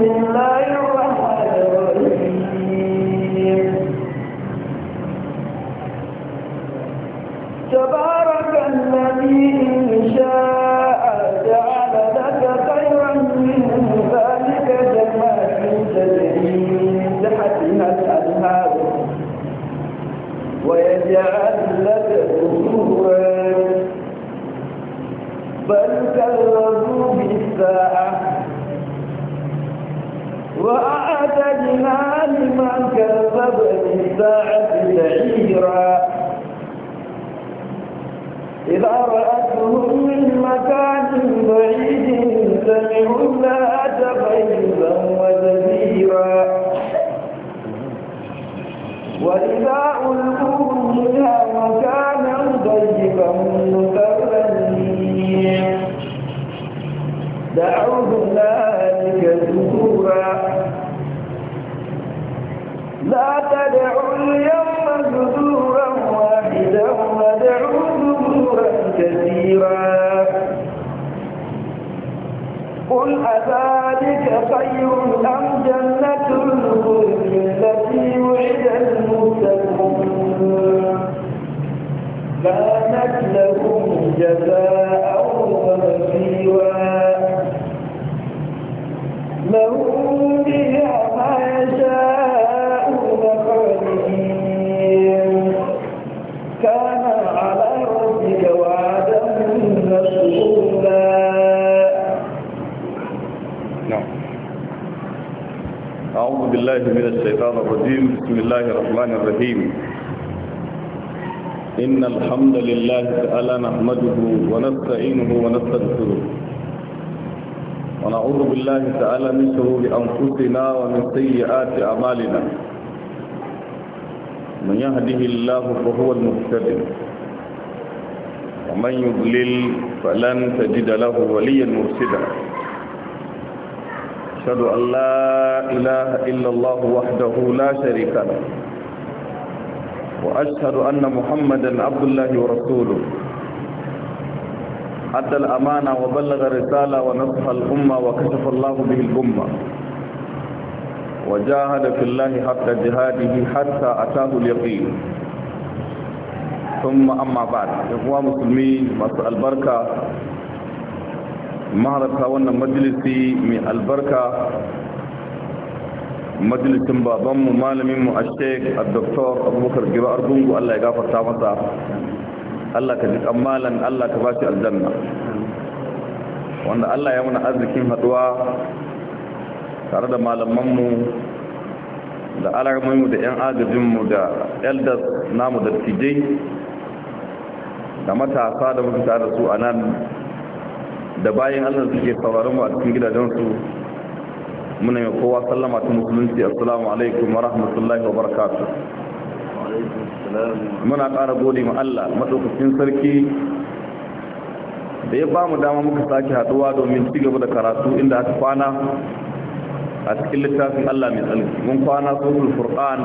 Gracias. تعالى من شرور أنفسنا ومن سيئات أعمالنا من يهده الله فهو المهتد ومن يضلل فلن تجد له وليا مرشدا أشهد أن لا إله إلا الله وحده لا شريك له وأشهد أن محمدا عبد الله ورسوله ادى الامانه wa الرساله ونصح الامه وكشف الله به الامه وجاهد في الله حق جهاده حتى اتاه اليقين ثم اما بعد اخوان المسلمين مسوا البركه maharabta wannan majalisi mai albarka majalisin babanmu malaminmu a sheik a doktor abubakar giba ardungu allah ya ga gafarta masa Allah ka ji kammalan Allah ka ba shi aljanna wanda Allah ya muna arzikin haduwa tare da malamanmu da alarmanmu da 'yan agajinmu da elders namu da tijai da matasa da muka tare da su a nan da bayan Allah suke sauraron mu a cikin gidajensu muna mai kowa sallama ta musulunci assalamu alaikum wa rahmatullahi wa barakatuh muna ƙara gode ma Allah maɗaukakin sarki da ya ba mu dama muka sake haɗuwa domin ci gaba da karatu inda aka kwana a cikin littafin Allah mai tsarki mun kwana suratul furqan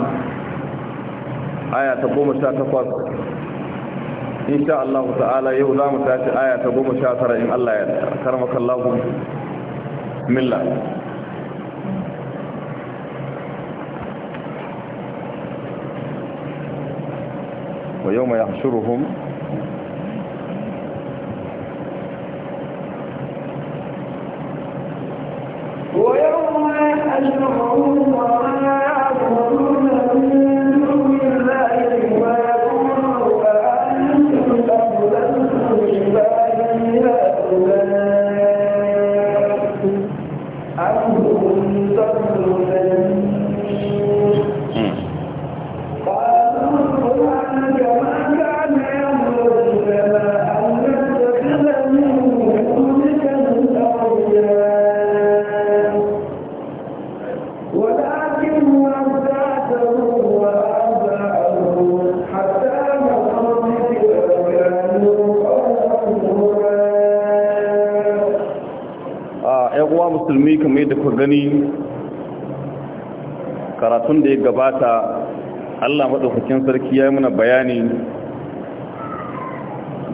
aya ta goma sha takwas insha Allah ta'ala yau za mu tashi aya ta goma sha tara in Allah ya karmaka Allah bismillah ويوم يحشرهم ويوم يحشرهم gabata Allah maɗaukakin sarki ya yi muna bayani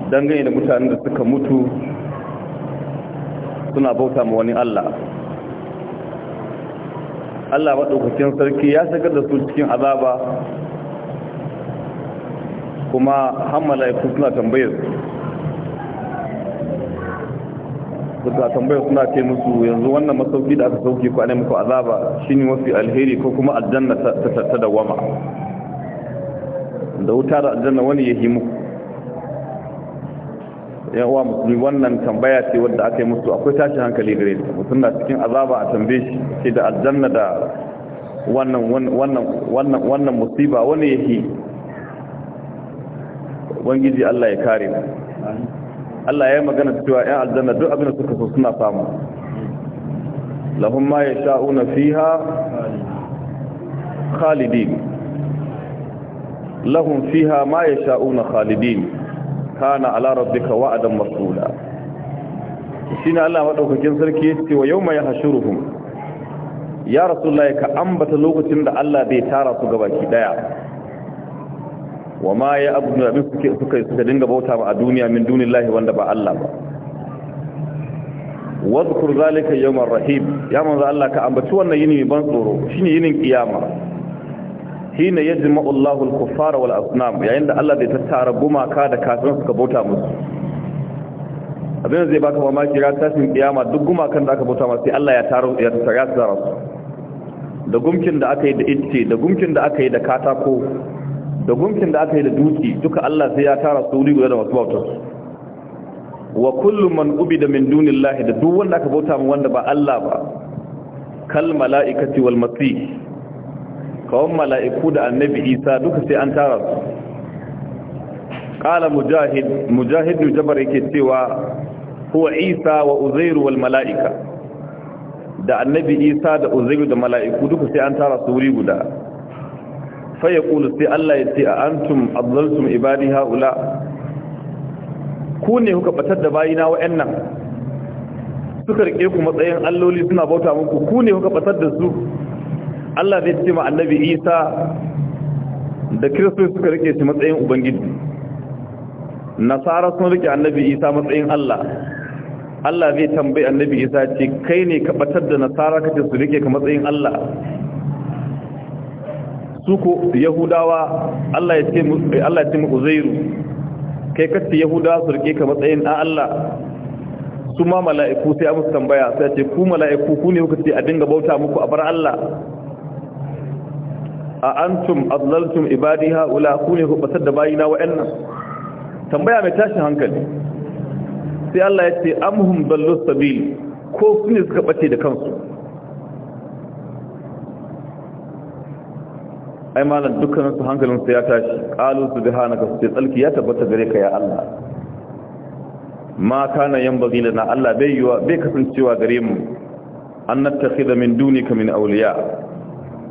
dangane da mutanen da suka mutu suna bauta ma wani Allah Allah maɗaukakin sarki ya shigar da su cikin azaba kuma hamala ya suna tambayar su suka tambaya suna ce musu yanzu wannan masauki da aka sauke ku ne muku azaba shine mafi alheri ko kuma aljanna ta da wama da wuta da aljanna wani ya himu yawa musulmi wannan tambaya ce wadda aka yi musu akwai tashi hankali gare ta mutum na cikin azaba a tambaye shi ce da aljanna da wannan wannan wannan wannan musiba wani ya yi ubangiji Allah ya kare mu Allah ya yi magana cewa ‘yan aljanna duk abin da suka so suna samu Lahumma ya ya sha'una fiha khalidin lahun fiha ma ya sha'una khalidin kana ala duka wa'adan masula shi ne Allah maɗaukakin sarki ya ce wa yau mai hashuruhun ya rasu ka ambata lokacin da Allah bai tara su gabaki ɗaya wa ma ya abu da abin suka suka dinga bauta ba a duniya min dunillahi wanda ba Allah ba Wasu zalika yawmar rahim ya manzo Allah ka ambaci wannan yini mai ban tsoro shine yinin kiyama hina yajma'u Allahu al-kuffara wal asnam yayin da Allah zai tattara gumaka da kafin suka bauta musu abin zai baka mamaki ran tashin kiyama duk gumakan da aka bauta masu sai Allah ya taro ya tsara su da gumkin da aka yi da itce da gumkin da aka yi da katako da gunkin da aka yi da duki duka Allah sai ya tara su wuri guda da masu bautar wa kullum man da min lahi da duk wanda aka bauta mu wanda ba Allah ba kal mala'ikati wal matsi kawon mala'iku da annabi Isa duka sai an tara su qala mujahid mujahid jabar yake cewa huwa Isa wa Uzairu wal mala'ika da annabi Isa da Uzairu da mala'iku duka sai an tara su wuri guda fa ya ƙulu sai Allah ya ce a antum abzaltum ibadi haula ku ne kuka batar da bayina wa'annan suka rike ku matsayin alloli suna bauta muku ku ne kuka batar da su Allah zai ce ma annabi Isa da Kiristoci suka rike shi matsayin ubangiji nasara sun rike annabi Isa matsayin Allah Allah zai tambayi annabi Isa ce kai ne ka batar da nasara kace su rike ka matsayin Allah suko yahudawa Allah ya ce Allah ya ce kai kace yahudawa su rike ka matsayin a Allah su ma mala'iku sai amsa tambaya sai ce ku mala'iku ku ne kuka ce a dinga bauta muku a bar Allah a antum adlaltum ibadi haula ku ne kuka batar da bayina wa'annan tambaya mai tashin hankali sai Allah ya ce amhum dallu sabil ko su ne suka bace da kansu ai malam dukkanin su hankalin su ya tashi qalu subhanaka su tsalki ya tabbata gare ka ya Allah ma kana yanbaghi lana Allah bai yiwa bai kasancewa gare mu an nattakhidha min dunika min awliya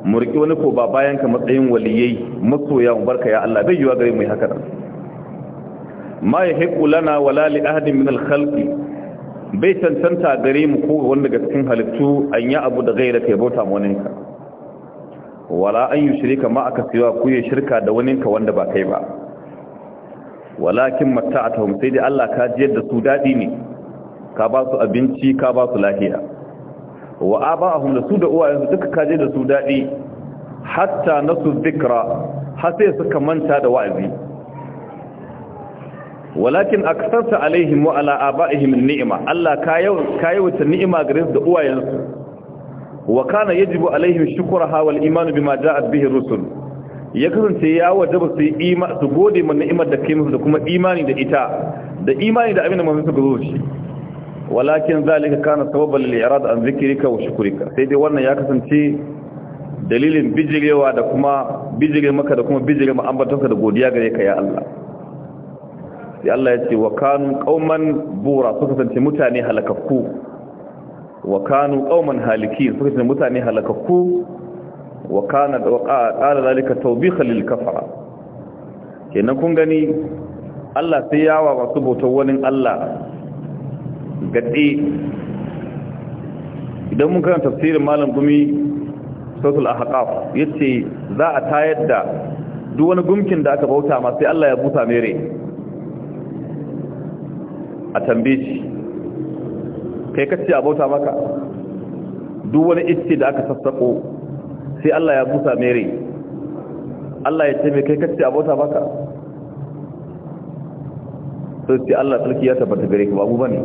mu wani ko ba bayan ka matsayin waliyai masoya mu barka ya Allah bai yiwa gare mu haka nan ma yahiqu lana wala li ahadin min al-khalqi bai tantanta gare mu ko wanda ga cikin halittu an ya abu da gairaka ya bauta mu wani ka wala an yi shirika ma aka siwa ku yi shirka da waninka wanda ba kai ba walakin matta a tahun sai dai Allah ka jiyar da su daɗi ne ka ba su abinci ka ba su lahiya wa a ba a da su da uwayensu duka ka jiyar da su daɗi hatta na su zikra har sai suka manta da wa'azi walakin aksarta alaihim wa ala aba'ihim ni'ima Allah ka yi wata ni'ima gare su da uwayensu wa kana yajibu alaihim shukraha wal iman bima ja'at bihi rusul ya kasance ya wajaba su yi ima su gode mana ni'imar da kai musu da kuma imani da ita da imani da abin da manzo suka zo shi walakin zalika kana sababan lil i'rad an zikrika wa shukrika sai dai wannan ya kasance dalilin bijirewa da kuma bijire maka da kuma bijire mu ambatonka da godiya gare ka ya Allah sai Allah ya ce wa kanu qauman bura suka kasance mutane halakakku wa kanu qauman halikin suka ce mutane halakakku wa kana wa qala zalika tawbiha lil kafara kenan kun gani Allah sai ya wa masu bautar wani Allah gadi idan mun karanta tafsirin malam gumi sautul ahqaf yace za a tayar da duk wani gumkin da aka bauta ma sai Allah ya buta mere a tambaye shi kai ka ce a bauta maka duk wani ice da aka sassaƙo sai Allah ya busa mere Allah ya ce mai kai ka ce a bauta maka sai ce Allah tsarki ya tabbata gare ka babu bane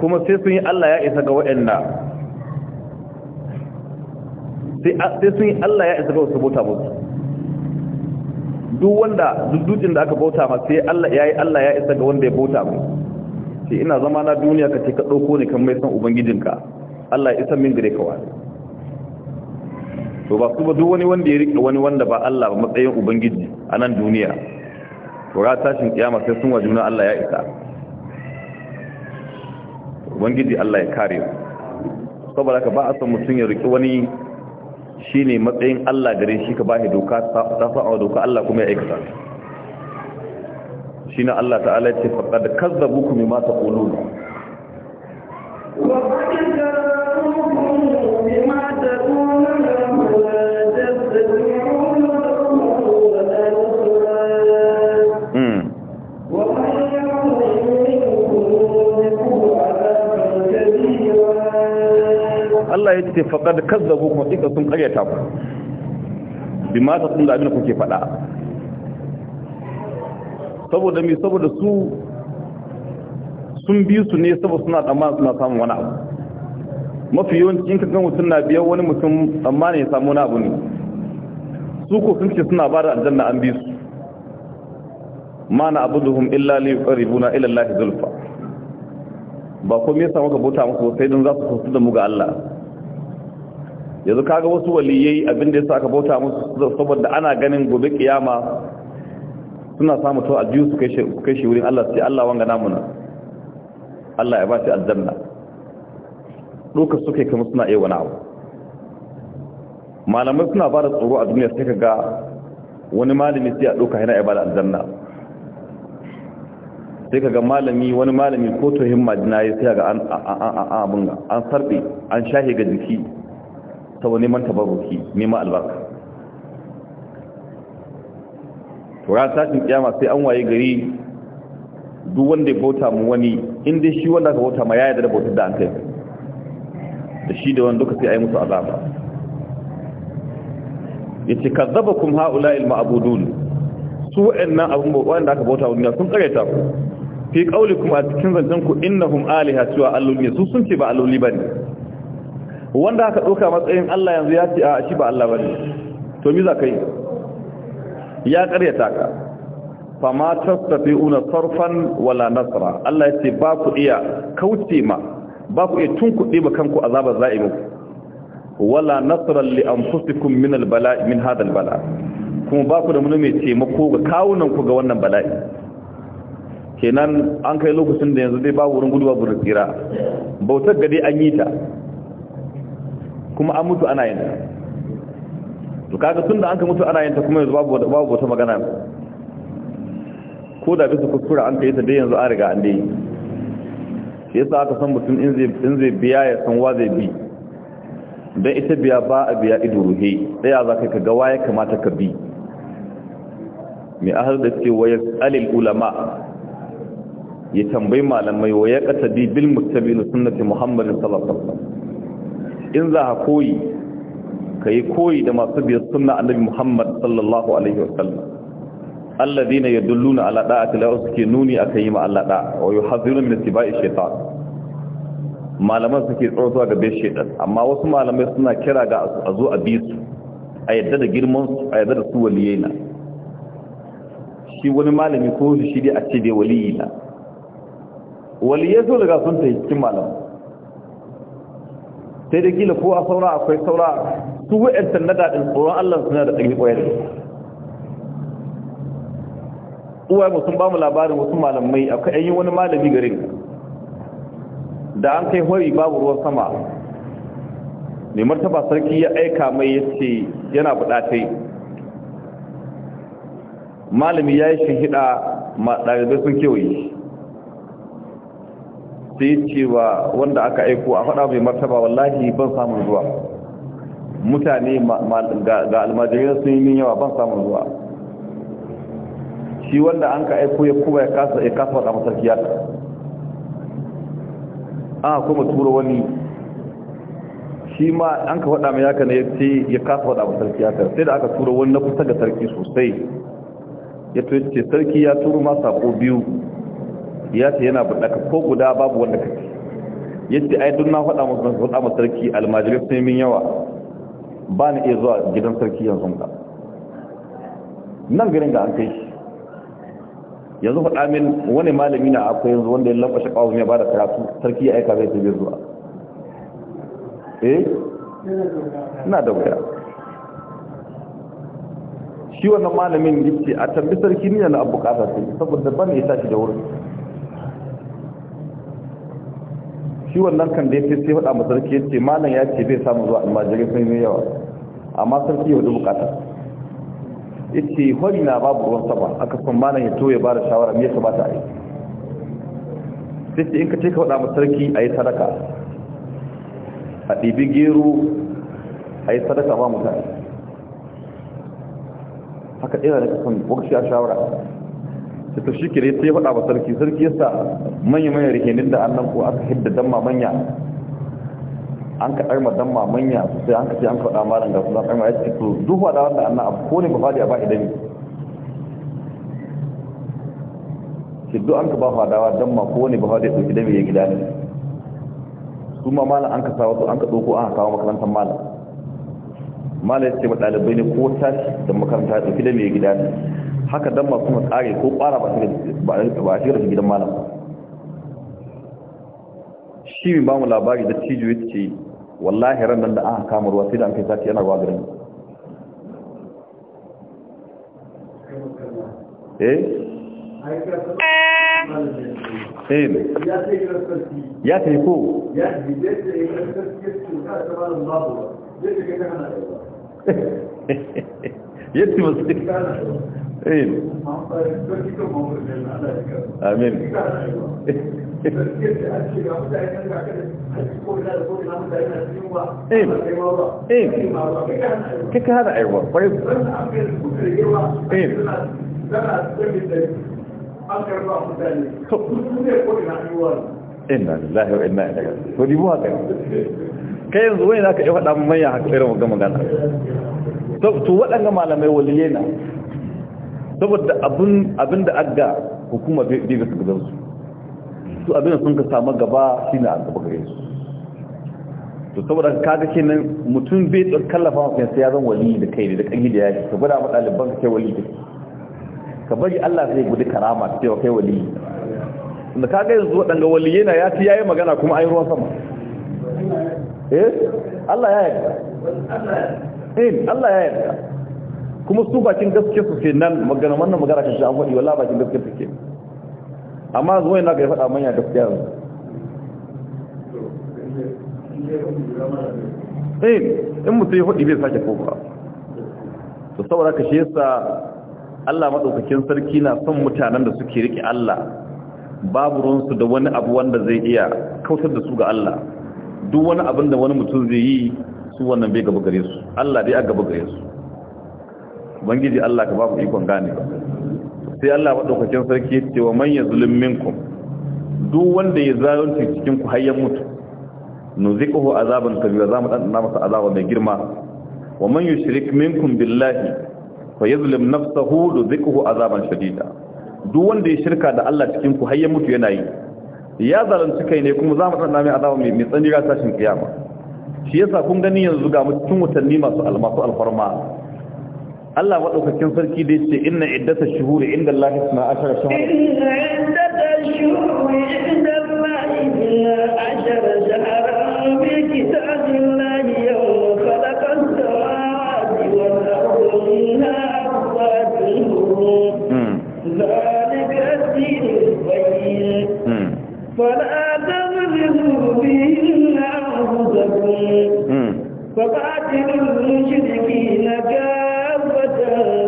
kuma sai sun yi Allah ya isa ga waɗanda sai sun yi Allah ya isa ga wasu bauta musu duk wanda duk da aka bauta ma sai Allah ya yi Allah ya isa ga wanda ya bauta mai ce ina zama na duniya ka ce ka ɗauko ne kan mai san ubangijinka Allah ya isa min gare ka wani to ba su ba duk wani wanda ya riƙe wani wanda ba Allah ba matsayin ubangiji a nan duniya to ra tashin kiyama sai sun wajuna Allah ya isa ubangiji Allah ya kare saboda ka ba a san mutum ya riƙe wani shine matsayin Allah gare shi ka ba shi doka ta sa'a doka Allah kuma ya aikata shi na Allah ta'ala ce faɗaɗa kazzabu kuma mata ƙulun hmm. Allah ya ce faɗaɗa kazzabu kuma sun ƙaryata ku bi mata sun abin da kuke faɗa saboda mai saboda su sun biyu su ne saboda suna tsammanin suna samun wani abu mafi yawanci ka kakan mutum na biyan wani mutum tsammanin ya samu wani abu ne su ko sun ce suna ba da aljanna an bi su mana abuduhum illa li ribuna, ila allahi zulfa ba ko me yasa muka bota musu sai don za su kusa da mu ga Allah yanzu kaga wasu waliyai abin da yasa aka bauta musu saboda ana ganin gobe kiyama suna samu to aljihu su kai shi wurin Allah sai Allah wanga namuna Allah ya ba shi aljanna dokar suke kama suna iya wani abu malamai suna ba da tsoro a duniya sai kaga ga wani malami sai a doka yana ibada aljanna sai kaga ga malami wani malami ko to himma dina sai ga an abunga an sarbe an shahi ga jiki ta wani man tabarruki neman albarka to ran tashin kiyama sai an waye gari duk wanda ya bauta mu wani in dai shi wanda ka bauta ma ya yarda da bautar da an kai da shi da wani duka sai ayi musu azaba yace kazzabakum haula'il ma'budun su wa'annan abun bauta da aka bauta wani sun kareta ku fi kuma a cikin zancen ku innahum aliha cewa alloli su sun ce ba alloli bane wanda aka dauka matsayin Allah yanzu ya ce a shi ba Allah bane to me za ka yi ya karyata ka ma tastafi'una sarfan wala nasra Allah ya ce ba ku iya kauce ma ba ku iya tunkuɗe ma kanku azabar za'i wala nasra li anfusikum min al min hada al bala' kuma ba ku da mun mai mako ga kawunan ku ga wannan bala'i kenan an kai lokacin da yanzu dai ba wurin guduwa babu tsira bautar gade an yi ta kuma an mutu ana yin ta to kaga tunda an ka mutu ana yin ta kuma yanzu babu babu wata magana ko da bisa kuskura an kai ta dai yanzu an riga an dai shi yasa aka san mutum in zai in zai biya ya san wa zai bi dan ita biya ba a biya ido ruhe ya zaka ka ga waye kamata ka bi mai ahal da suke waya alil ulama ya tambayi malamai waya katabi bil muttabi sunnati muhammadin sallallahu alaihi wasallam in za ha koyi ka yi koyi da masu biyar suna annabi muhammad sallallahu alaihi wasallam alladhina luna alaɗa a tilawa suke nuni akan yi ma wa yi wa yuhadhiruna min ittiba'i shaytan malaman suke tsoro ga bai shaytan amma wasu malamai suna kira ga a zo a bi su a yadda da girman su a yadda da su na. shi wani malami ko shi dai a ce dai waliyina waliyai so daga sun ta cikin malamu sai da gila ko a saura akwai saura su wa'yantar na daɗin tsoron allah suna da ɗari ƙwayar uwaye mu sun ba mu labarin wasu malamai akwai ɗanyi wani malami garin da an kai hori babu ruwan sama mai martaba sarki ya aika mai ya ce yana buɗatai malami ya yi shi ma ɗalibai sun kewaye sai cewa wanda aka aiko a faɗa mai martaba wallahi ban samun zuwa mutane ga almajirai sun yi yawa ban samun zuwa shi wanda an ka aiko ya kuma ya kasa ya kasa faɗa masarkiya an kuma tura wani shi ma an ka faɗa mai yaka ne ya ce ya kasa faɗa masarkiya sai da aka tura wani na kusa ga sarki sosai ya ce sarki ya turu ma sako biyu ya ce yana buɗaka ko guda babu wanda kake yadda ai duk na faɗa musu faɗa musu sarki almajirai sun min yawa ba ni iya zuwa gidan sarki yanzu ba nan garin ga an kai shi yanzu faɗa min wani malami na akwai yanzu wanda ya lambashe ƙawar ne ba da karatu sarki ya aika zai tabi zuwa eh na da wuya shi wannan malamin yake a tambi sarki ni na abu kasa saboda ban ya tashi da wurin shi wannan kan dai sai faɗa ma sarki ya ce malam ya ce bai samu zuwa almajirai sai mai yawa amma sarki yau da bukata ya ce hori na babu ruwan sama aka san malam ya toye ba da shawara mai ya ba a yi sai ce in ka ce ka faɗa ma sarki a yi sadaka a ɗibi gero a yi sadaka ba mutane haka ɗaya da kasan wakashi a shawara ta to shike ne sai faɗa wa sarki sarki yasa manya manya rikenin da annan ko aka hidda damma manya an ka ɗarma damma manya sai an ka ce an faɗa malam ga sunan ɗarma ya ce to duk faɗa wanda annan abu ko ne ba faɗi a ba idan shi duk an ka ba fadawa damma ko ne ba faɗi a ɗauki dami ya gida ne su ma malam an ka sa wasu an ka ɗauko an kawo makarantar malam malam ya ce ma ɗalibai ne ko tashi da makaranta ya ɗauki dami ya gida ne haka dan ba kuma tsare ko ƙwara ba shi da gidan malam shi min ba labari da cijo ya ce wallahi ran nan da aka kama ruwa sai da an kai sati yana ruwa garin eh eh ya ta ko ya ta yi ya ta yi يكتب ايه امين ايه, إيه. هذا ايوا طيب ايه ده لله وانا اليه كيف وينك يا ابو دم ميه حق غير مقام to waɗanda malamai waliye na saboda abin da aga hukuma bai ga gudansu su abin da sun ka samu gaba shi na gaba gare su to saboda ke nan mutum bai tsar kallafa mafi kansa ya zan wali da kai da kanyi da yaki ka gwada ma ka kai wali da ka bari Allah zai gudu karama ta cewa kai wali da kaga yanzu waɗanda wali yana ya ci yayi magana kuma an yi ruwan sama eh Allah ya yi in Allah ya yarda kuma su bakin gaske su ke nan magana wannan magana kan shi an faɗi wala bakin gaske su ke amma zuwa yana ga ya faɗa manya gaskiya yanzu in in mutum ya faɗi bai sake kofa to saboda ka shi yasa Allah maɗaukakin sarki na son mutanen da suke riƙe Allah babu ruwansu da wani abu wanda zai iya kautar da su ga Allah duk wani abin da wani mutum zai yi su wannan bai gaba gare su Allah dai a gaba gare su bangiji Allah ka ba ku ikon gane ba sai Allah madaukakin sarki ya ce wa man yazlim minkum duk wanda ya zalunci cikin ku har ya mutu nuziquhu azaban kabira za mu dan masa azaba mai girma wa man yushrik minkum billahi fa yazlim nafsahu nuziquhu azaban shadida duk wanda ya shirka da Allah cikin ku har ya mutu yana yi ya zalunci kai ne kuma za mu dan mai azaba mai tsanira tashin kiyama shi yasa kun gani yanzu ga mutum watanni masu almasu alfarma Allah maɗaukakin sarki da ce inna iddata shuhuri inda Allah ya suna ashara shahara inna iddata shuhuri inda Allah ya ashara shahara bi kitabillahi yawma khalaqas samawati wal ardi minha ذلك الدين القيم فلا وقاتل المشركين كافة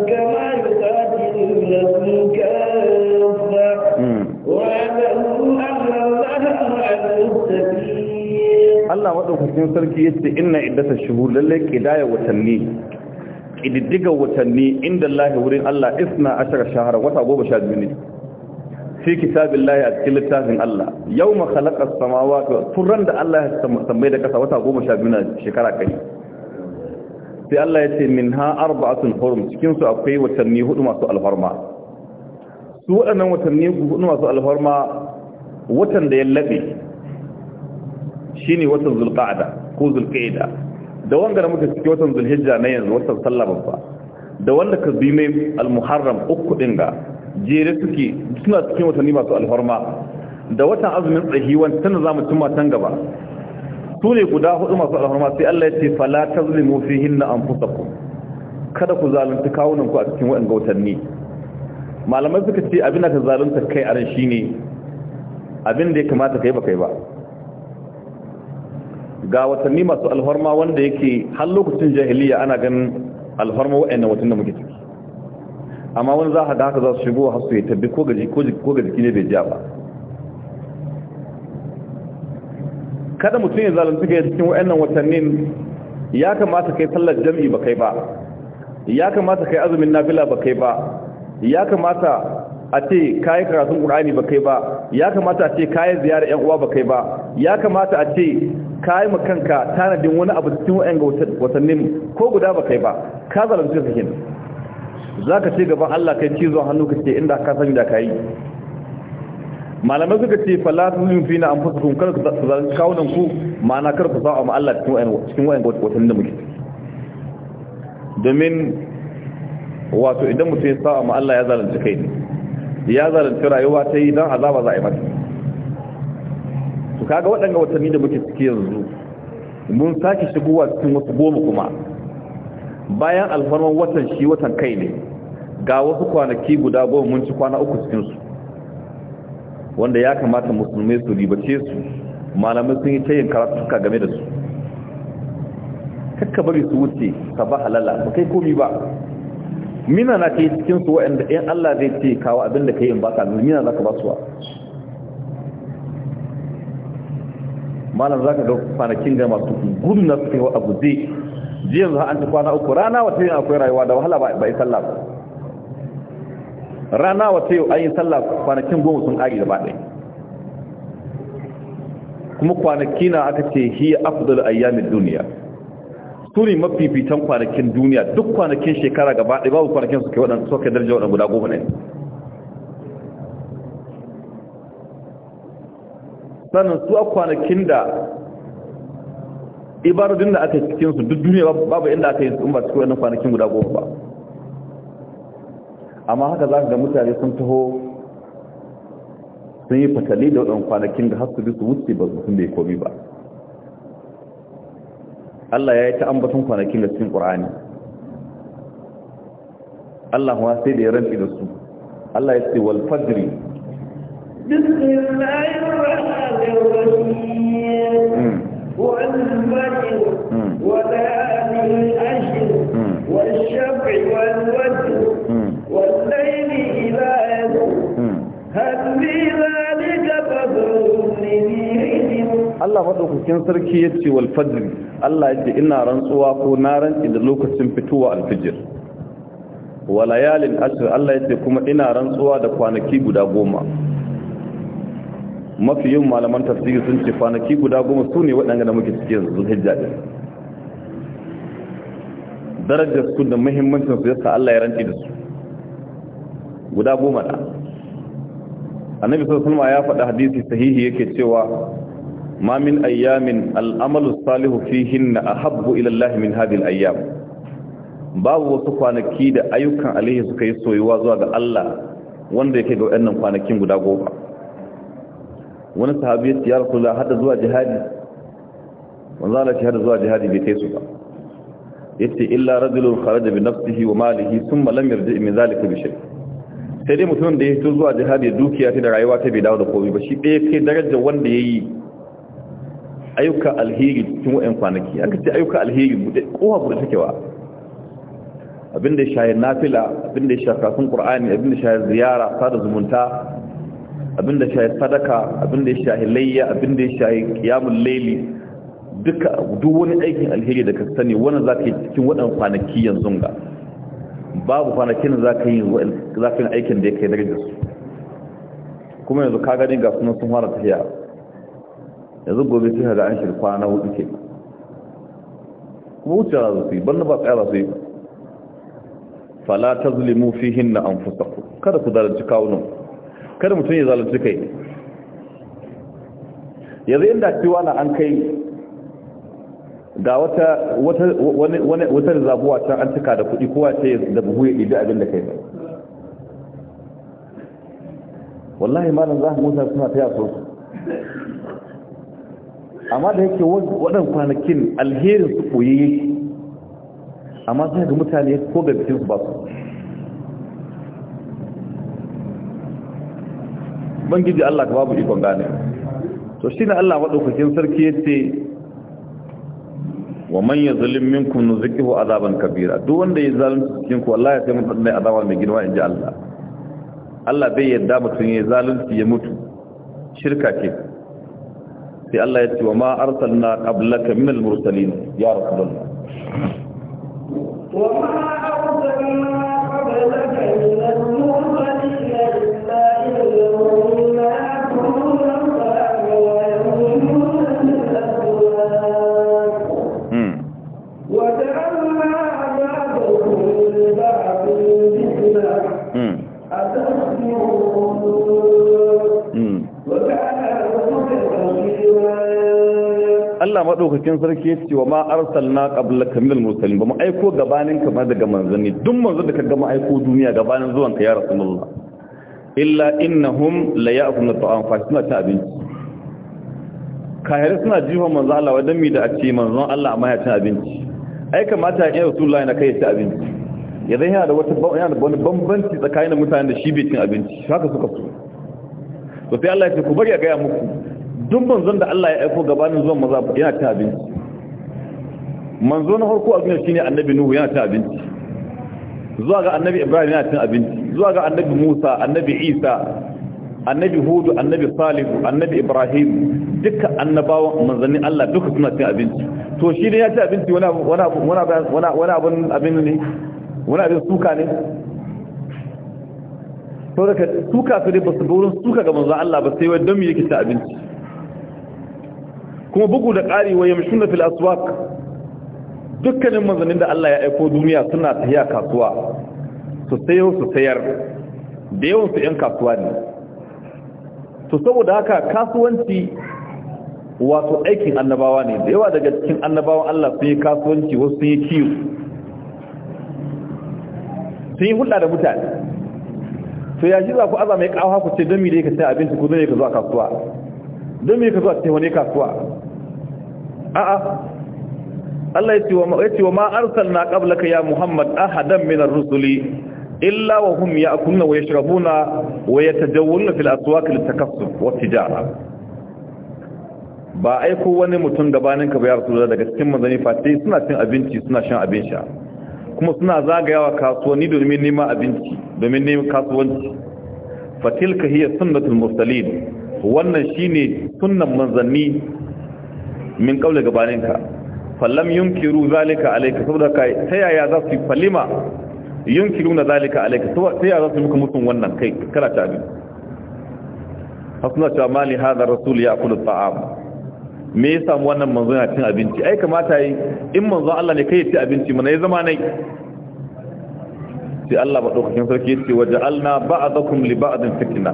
كما يقاتلونكم كافة واعلموا أن الله مع المتقين الله maɗaukakin sarki ya ce ina iddata shuhur lallai ƙidaya watanni ƙididdiga watanni inda Allah wurin Allah isna ashara shahara wata goma sha biyu ne fi kitabin lahi a cikin littafin Allah yau ma halakar samawa turan da Allah ya sammai da ƙasa wata goma sha biyu na shekara kai sai Allah ya ce min ha arba'atun hurum cikin su akwai watanni hudu masu alfarma su waɗannan watanni hudu masu alfarma watan da ya labe shine watan zulƙa'ada ko zulqa'ida da wanga da muke cikin watan zulhijja na yanzu watan sallah babba da wanda ka bi mai almuharram uku din ga jere suke suna cikin watanni masu alfarma da watan azumin tsahiwan tana zamu cimma tan gaba su ne guda hudu masu alfarma sai Allah ya ce fala tazlimu fihinna anfusakum kada ku zalunta kawunan ku a cikin wa'in gautanni malamai suka ce abin da ka zalunta kai a ran ne, abin da ya kamata kai ba kai ba ga watanni masu alfarma wanda yake har lokacin jahiliya ana ganin alfarma wa'in watan da muke ciki amma wani za ka ga haka za su shigo har su yi tabbi ko gaji ko jiki ne bai ja ba kada mutum ya zalunci ga cikin wa'annan watannin ya kamata kai sallar jami'i ba kai ba ya kamata kai azumin nafila ba kai ba ya kamata a ce kayi karatun qur'ani ba kai ba ya kamata a ce kayi ziyara yan uwa ba kai ba ya kamata a ce kayi makanka tanadin wani abu cikin wa'annan watannin ko guda ba kai ba ka zalunci ka kenan zaka ce gaban Allah kai cizon hannu kace inda ka sani da kai malamai suka ce falatun yin fi na an fasa sun kar su zalunci kawunan ku ma'ana kar ku sa'a ma Allah cikin wayan watan da muke domin wato idan mutum ya sa a Allah ya zalunci kai ne ya zalunci rayuwa ta yi don azaba za a yi mata su kaga waɗanda watanni da muke suke yanzu mun sake shigowa cikin wasu goma kuma bayan alfarman watan shi watan kai ne ga wasu kwanaki guda goma mun ci kwana uku cikinsu wanda ya kamata musulmai su ribace su malamai sun yi tayin karatuka game da su kakka bari su wuce ta ba halala ba kai komi ba mina na kai cikin su wa'anda yan Allah zai ce kawo abin da yi in baka mina za ka ba suwa malam za ka ga kwanakin gama su gudu na su kai wa abu zai jiyan za an kwana uku rana wata yin akwai rayuwa da wahala ba yi sallah ba rana wata yau an yi sallah kwanakin goma sun ƙari gaba ɗaya kuma kwanaki na aka ce hiya afdal ayyamin duniya su ne mafifitan kwanakin duniya duk kwanakin shekara gaba ɗaya babu kwanakin suke waɗanda suke darja waɗanda guda goma ne sannan su a kwanakin da ibarudin da aka cikinsu duk duniya babu inda aka yi su ba cikin waɗanda kwanakin guda goma ba amma haka za ga mutane sun taho sun yi fatali da waɗannan kwanakin da har su wuce ba sun bai komi ba Allah ya yi ta ambaton kwanakin da cikin ƙur'ani Allah kuma sai da ya rantsi da su Allah ya ce wal fajri bismillahir rahmanir rahim hmm. wal fajr hmm. wa la'il ashr hmm. wal shaf'i wal wajh Allah madaukakin sarki ya ce wal fajr Allah ya ce ina rantsuwa ko na rantsi da lokacin fitowa alfijir wa layalin asr Allah ya ce kuma ina rantsuwa da kwanaki guda goma mafi yin malaman tafsiri sun ce kwanaki guda goma su ne waɗanda da muke cikin zulhijja ɗin darajar su da muhimmancin su yasa Allah ya rantsi da su guda goma da annabi sallallahu alaihi wasallam ya faɗa hadisi sahihi yake cewa ma min ayyamin al'amalu salihu fihin na habbu ilallahi min hadin ayyam babu wasu kwanaki da ayyukan alaihi suka yi soyuwa zuwa ga Allah wanda yake ga waɗannan kwanakin guda goma wani sahabi ya rasu la hada zuwa jihadi wanda Allah ya hada zuwa jihadi bai kai su ba ce illa rajulun kharaja bi nafsihi wa malihi sun lam yarji min zalika bi shay sai dai mutumin da ya fito zuwa jihadi dukiya ta da rayuwa ta bai dawo da komai ba shi ɗaya kai darajar wanda ya yi. ayyuka alheri cikin wa'yan kwanaki an ce ayyuka alheri bude, kowa bude take wa abinda ya shayar nafila abinda ya shayar kasun ƙur'ani abinda ya shayar ziyara sada zumunta abinda ya shayar sadaka abinda ya shayar layya abinda ya shayar kiyamun laili duka duk wani aikin alheri da ka sani wani za ka yi cikin waɗannan kwanaki yanzu ga babu kwanakin za ka yi aikin da ya kai darajar su kuma yanzu ka gani ga sunan sun fara tafiya yanzu gobe sai ga an shirya kwana hudu ke kuma wuce za su yi ban ba tsaya su yi ba fala ta zulimu fi hinna an ku kada ku zalunci kawunan kada mutum ya zalunci kai yanzu yadda cewa na an kai ga wata wata zabuwa can an cika da kuɗi kowa ce da buhu ya ɗibi abin da kai ba wallahi malam za mu musa suna ta yaso amma da yake waɗan kwanakin alherin su koyi yake amma sai ga mutane ko ga su ba su bangiji Allah ka babu ikon gane to shi ne Allah maɗaukakin sarki ya ce wa manya zulun minkum nu zikihu azaban kabira duk wanda ya zalunci cikin ku Allah ya sai mutum ne azaba mai girma inji Allah Allah bai yarda mutum ya zalunci ya mutu shirka ce sai Allah ya ce wa ma arsalna qablaka min al-mursalin ya rasulullah wa ma arsalna qablaka min Allah madaukakin sarki ya ce wa ma arsalna qablaka minal mursalin ba mu aiko gabanin ka ba daga manzanni duk manzon da ka gama aiko duniya gabanin zuwan ka ya rasulullah illa innahum la ya'kuluna ta'am fa suna ta abinci kahiri suna jiwa manzon Allah wa dami da a ce manzon Allah ma ya ci abinci ai kamata ya rasulullah na kai ya ci abinci ya yana da wata wani bambanci tsakanin mutanen da shi bai cin abinci haka suka so to sai Allah ya ce ku bari a gaya muku duk manzon da Allah ya aiko gabanin zuwan maza yana ta abinci manzo na farko a duniya shine annabi nuhu yana ta abinci zuwa ga annabi ibrahim yana cin abinci zuwa ga annabi musa annabi isa annabi hudu annabi salihu annabi ibrahim duka annabawan manzanni allah duka suna cin abinci to shi ne ya ci abinci wani abin abin ne wani abin suka ne to daga suka su ne ba su burin suka ga manzan allah ba sai wai don mu yake ci abinci kuma bugu da ƙari wa yamshuna fil aswaq dukkanin manzannin da Allah ya aiko duniya suna yi kasuwa su sayo su sayar da yawan su kasuwa ne to saboda haka kasuwanci wato aikin annabawa ne da yawa daga cikin annabawan Allah sun yi kasuwanci wasu sun yi kiwo sun yi hulɗa da mutane to ya ji za ku azama ya ƙawa ku ce don mi da ya ka sai abinci ku zai ka zuwa kasuwa don mi ka zuwa ce wani kasuwa a'a Allah ya ce wa ma arsalna qablaka ya Muhammad ahadan minar rusuli illa wa hum ya'kuluna wa yashrabuna wa yatajawwaluna fil aswaq litakassuf wa tijara ba aiko wani mutum gabanin ka ba ya rasulullah daga cikin manzani fati suna cin abinci suna shan abin sha kuma suna zagayawa kasuwanni domin neman abinci domin neman kasuwanci fatilka hiya sunnatul mursalin wannan shine sunnan manzanni min kaula gabaninka fallam yunkiru zalika alayka saboda kai ta yaya za su falima yunkiru na zalika alayka ta yaya za su muka mutun wannan kai kana ta abin hasuna ta mali hadha rasul ya kula ta'am me yasa wannan manzo yana cin abinci ai kamata yi in manzo Allah ne kai ya ci abinci mana ya zama nai sai Allah madaukakin sarki yace waja'alna ba'dakum li ba'din fitna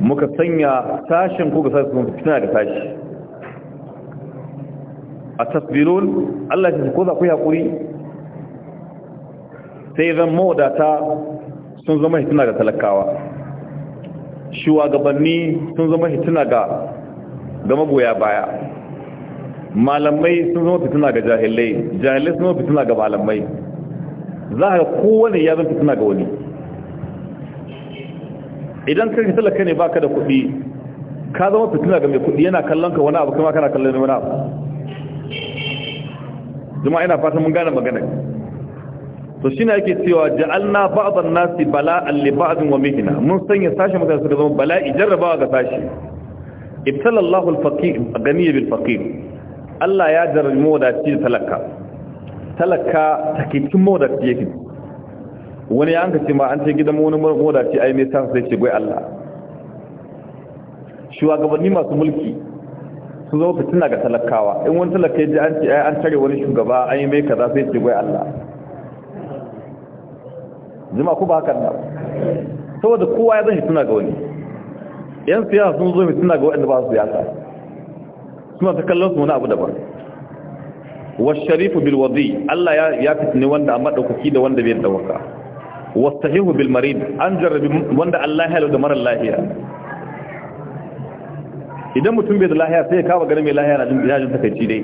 muka sanya sashin ku ga sashin fitna ga tashi. atasbirun Allah ya ko za ku hakuri sai zan mawadata sun zama hituna ga talakawa shugabanni sun zama hituna ga ga magoya baya malamai sun zama fituna ga jahilai jahilai sun zama fituna ga malamai za ka kowane ya zama fituna ga wani idan kai talaka ne baka da kuɗi ka zama fituna ga mai kuɗi yana kallon ka wani abu kuma kana kallon wani abu jama'a ina fata mun gane magana to shi ne ake cewa ja'alna ba'dan nasi bala'an li ba'din wa mihina mun sanya sashi mutane suka zama bala'i jarrabawa ga sashi ibtala Allahu al-faqir ganiy bil faqir Allah ya jarrabi mawadaci da talaka talaka takikin mawadaci yake wani ya anka ce ma an ce gidan wani mawadaci ai mai san sai ce goyi Allah shugabanni masu mulki sun zama fitina ga talakawa in wani talaka ya ji an ce an tare wani shugaba an yi mai kaza sai ce gwai Allah jima ku ba hakan nan saboda kowa ya zan fitina ga wani yan siyasa sun zo fitina ga wanda ba su siyasa suna ta kallon su wani abu daban sharifu bil wadi Allah ya ya fitini wanda amma daukaki da wanda bai dauka sahihu bil marid an jarrabi wanda Allah ya da marar lafiya idan mutum bai da lahiya sai ya kawo ganin mai lahiya na jinajin takaici dai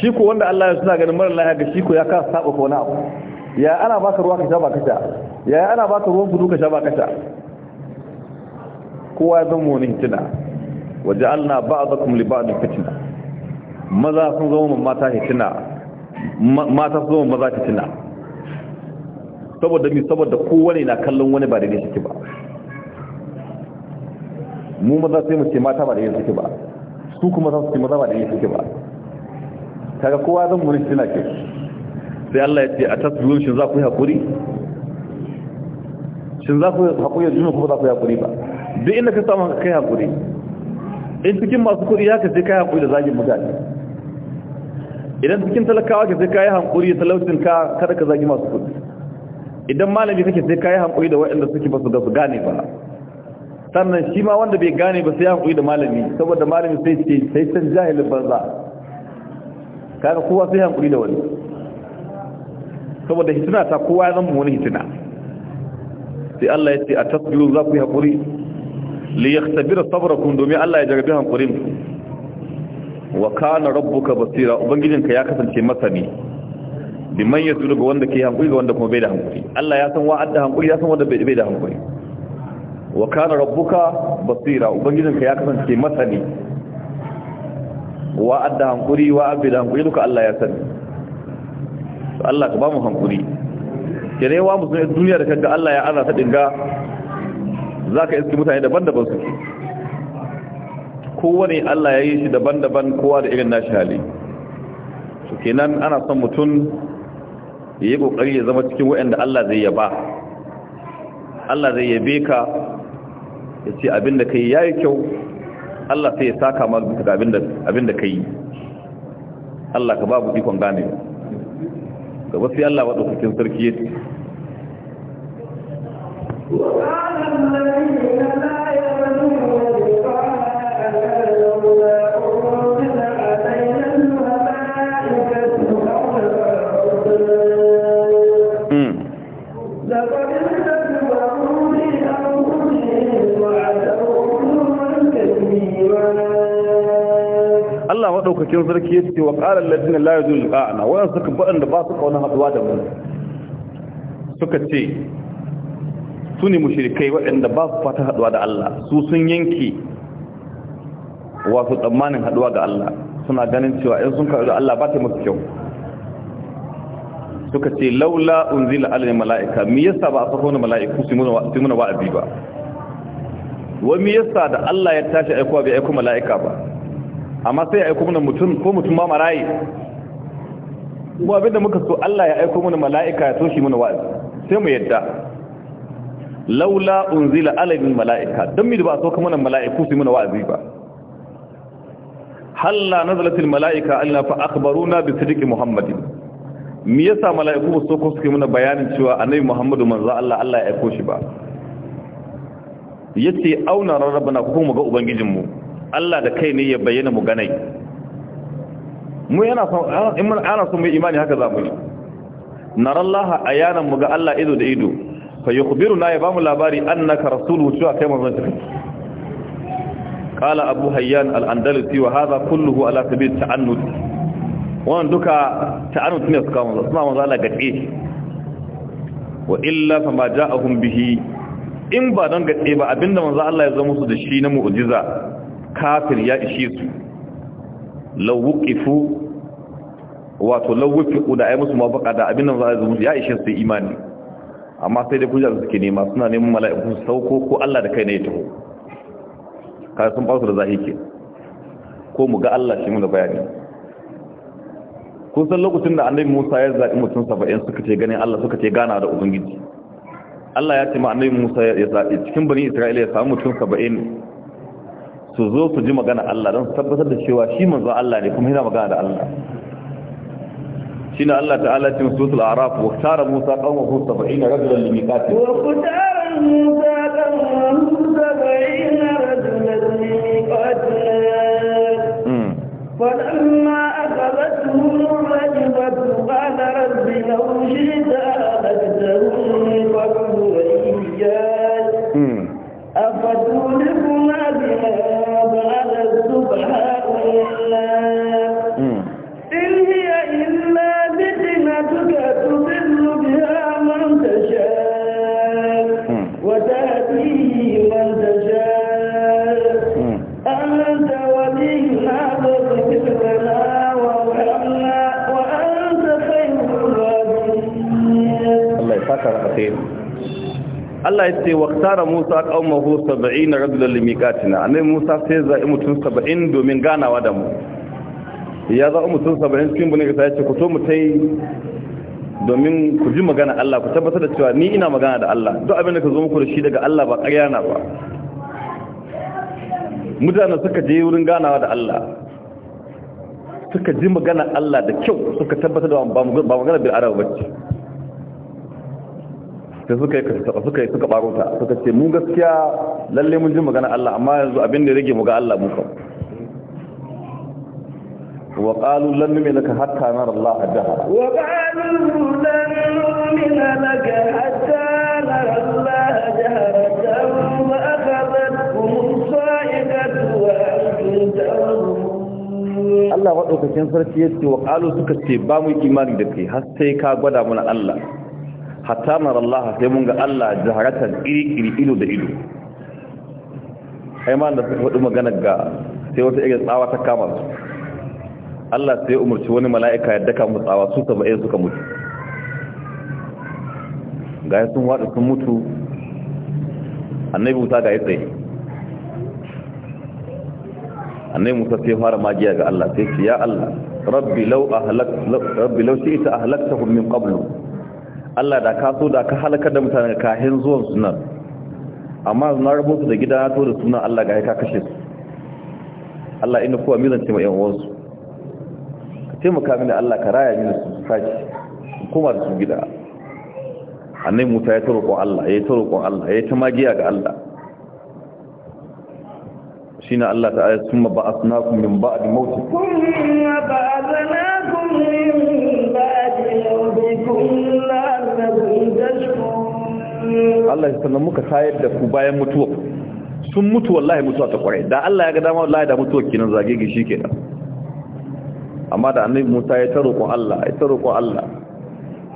shi ko wanda Allah ya suna ganin mara lahiya ga shi ko ya kasa saba ko wani abu ya ana baka ruwa ka sha ba kasha ya ana baka ruwan fudu ka sha ba kasha kowa ya zama wani hitina waje alna ba'adakum li ba'adin fitina maza sun zama mata hitina mata sun zama maza hitina saboda mi saboda kowane na kallon wani ba ne shi ba mu maza sai mu ce mata ba da yin suke ba su kuma za su ce maza ba da yin suke ba kaga kowa zan shi suna ke sai Allah ya ce a tasbihun shi za ku yi haƙuri shin za ku yi hakuri juna kuma za ku yi haƙuri ba duk inda ka samu kai haƙuri. in cikin masu kuɗi ka sai kai haƙuri da zagin mutane idan cikin talakawa ka sai kai haƙuri talaucin ka kada ka zagi masu kuɗi idan malami kake sai kai haƙuri da waɗanda suke ba su gane ba sannan shi ma wanda bai gane ba sai ya hankuri da malami saboda malami sai ce sai san jahilin banza kaga kowa sai hankuri da wani saboda hituna ta kowa ya zama wani hituna sai Allah ya ce a tasbiru za ku yi hankuri li yaktabira sabrakum domin Allah ya jarabi hankurin ku wa kana rabbuka basira ka ya kasance masani biman yasuru ga wanda ke hankuri ga wanda kuma bai da hankuri Allah ya san wa'adda hankuri ya san wanda bai da hankuri wa kana rabbuka basira ubangijinka ya kasance masani wa adda hankuri wa abida hankuri duka Allah ya sani Allah ka ba mu hankuri kene wa musulmi duniya da kanka Allah ya aza ta dinga zaka iske mutane daban-daban su kowane Allah ya yi shi daban-daban kowa da irin nashi hali su kenan ana son mutum ya yi kokari ya zama cikin waɗanda Allah zai yaba Allah zai yabe ka ya ce abinda ka yi ya yi kyau Allah sai ya saka ma bisa ga abinda ka yi Allah ka babu ikon gane gaba sai Allah wadda cikin sarki ya ce madaukakin sarki ya ce wa qala alladina la yuzul qa'ana wannan suka badan da ba su kauna haɗuwa da mu suka ce su ne mushrikai waɗanda ba su fata haɗuwa da Allah su sun yanke wasu tsammanin haɗuwa ga Allah suna ganin cewa in sun karu da Allah ba ta musu kyau suka ce laula unzila alal malaika me yasa ba a sako na malaiku su muna wa'azi ba wai me yasa da Allah ya tashi aikowa bai aiko malaika ba amma sai ya aiko mana mutum ko mutum ma marayi mu abinda muka so Allah ya aiko mana mala'ika ya toshe mana wa'azi sai mu yadda laula unzila alayhi mala'ika dan mi da ba so kuma mana mala'iku su mana wa'azi ba halla nazalat al mala'ika alla fa akhbaruna bi sidqi muhammadin me yasa mala'iku ba so ko suke mana bayanin cewa annabi muhammadu manzo Allah Allah ya aiko shi ba yace auna rabbana ko mu ga ubangijinmu mu Allah da kai ne ya bayyana mu ganai mu yana son in mun ana son mu imani haka za mu yi narallaha ayana mu ga Allah ido da ido fa yukhbiruna ya bamu labari annaka rasuluhu cewa kai manzon ta Kala abu hayyan al-andalusi wa hadha kulluhu ala sabil ta'annud wannan duka ta'annud ne suka manzo Suna manzo Allah gaske wa illa fa ma ja'ahum bihi in ba don gaske ba abinda manzo Allah ya zama musu da shi na mu'jiza kafir ya ishe su lawuqifu wato lawuqifu da ai musu mafaka da abin nan za a musu ya ishe su imani amma sai dai kujar suke nema suna neman mala'iku su sauko ko Allah da kai ne ya taho ka sun ba su da zahiki ko mu ga Allah shi mu da bayani kun san lokacin da annabi Musa ya zaɓi mutum 70 suka ce ganin Allah suka ce gana da ubangiji Allah ya ce ma annabi Musa ya zaɓi cikin bani Isra'ila ya samu mutum 70 su zo su ji magana Allah don su tabbatar da cewa shi manzo Allah ne kuma yana magana da Allah shi ne Allah ta'ala cikin suratul araf wa tara musa qawmuhu 70 rajulan li miqati wa tara musa qawmuhu 70 rajulan li miqati فلما أخذتهم الرجفة قال رب لو شئت Allah ya ce wa tara Musa qaumahu 70 rajulan miqatina annai Musa sai zai mutum 70 domin ganawa da mu ya za mutum 70 cikin bane sai ya ce ku to mu tai domin ku ji magana Allah ku tabbatar da cewa ni ina magana da Allah duk abin da ka zo muku da shi daga Allah ba ƙarya na ba mutane suka je wurin ganawa da Allah suka ji magana Allah da kyau suka tabbatar da ba magana bil arab bacci?" sai suka yi suka yi suka baro ta suka ce mu gaskiya lalle mun ji magana Allah amma yanzu abin da ya rage mu ga Allah mu kan wa qalu lan nu'mina laka hatta nara Allah jahara wa qalu lan nu'mina laka hatta nara Allah jahara wa akhadhatkum sa'iqatu wa antum tanzurun Allah waɗaukacin sarki ya ce wa ƙalo suka ce ba mu imani da kai har sai ka gwada mana Allah hatta mara Allah sai mun ga Allah jaharatan iri-iri ido da ido haiman da suka faɗi magana ga sai wata irin tsawa ta kama su Allah sai umarci wani mala'ika ya daka mu tsawa su saba'in suka mutu ga sun waɗa sun mutu annabi musa ga ya tsaye annabi musa sai fara magiya ga Allah sai ce ya Allah rabbi lau shi ita ahlaktahum min qablu Allah da ka so da ka halakar da mutane kahin zuwan sunan amma na rubuta su da gida to da sunan Allah ga ka kashe su Allah ina kowa milan ce ma yan su ka taimaka mini Allah ka raya mini su saki kuma da su gida annai muta ya taro kon Allah ya taro kon Allah ya ta magiya ga Allah shine Allah ta ayatu summa ba'athnakum min ba'di mawtikum summa ba'athnakum min Allah ya sanar muka tayar da ku bayan mutuwa sun mutu wallahi mutuwa ta kwarai da Allah ya ga dama wallahi da mutuwa kinan zage gishi kenan amma da annabi Musa ya ta roƙon Allah ya ta roƙon Allah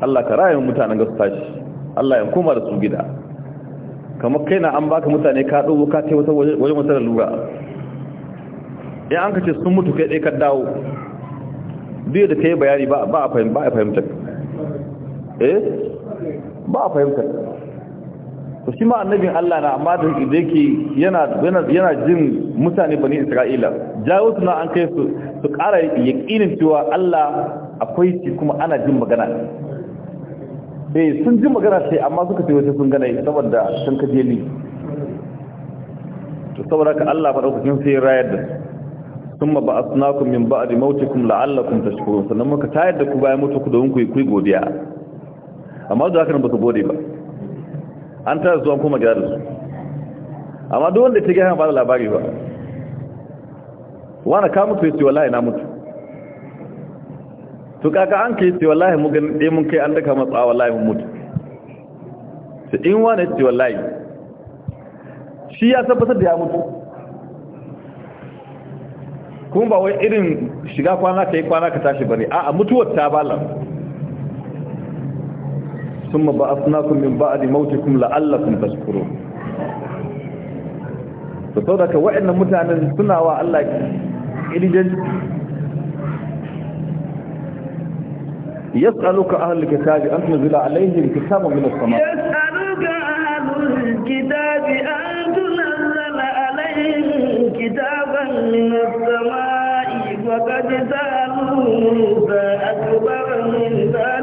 Allah ka rayu mutanen ga su tashi Allah ya koma da su gida kamar kai na an baka mutane ka dogo ka ce wata wajen wata lura ya an ka ce sun mutu kai dai ka dawo duk da kai bayani ba ba a fahimta eh ba fahimtar to shi ma annabin Allah na amma da yake yana yana jin mutane bani Isra'ila jawo suna an kai su su ƙara yaqinin cewa Allah akwai shi kuma ana jin magana eh sun ji magana sai amma suka ce wata sun gane saboda sun kaje ni to saboda ka Allah madaukakin sai rayar da ثم بعثناكم من بعد موتكم لعلكم تشكرون sannan muka tayar da ku bayan ku don ku yi godiya amma da haka ba su gode ba an tara zuwa kuma gida da su amma duk wanda ta gaya ba da labari ba wani ka mutu ya ce wallahi na mutu to kaka an ka yi ce wallahi mu gani ɗaya mun kai an daka matsawa ah, wallahi mun mutu su in wani ya ce wallahi shi ya tabbatar da ya mutu kuma ba wai irin shiga kwana ka yi kwana ka tashi ne a mutuwar ta balar ثم بعثناكم من بعد موتكم لعلكم تشكرون فصدق وعدنا متعنا السنة وعلك إلي جنج يسألك أهل الكتاب أن تنزل عليهم كتاب من السماء يسألك أهل الكتاب أن تنزل عليهم كتابا من السماء وقد سألوا فأكبر من ذلك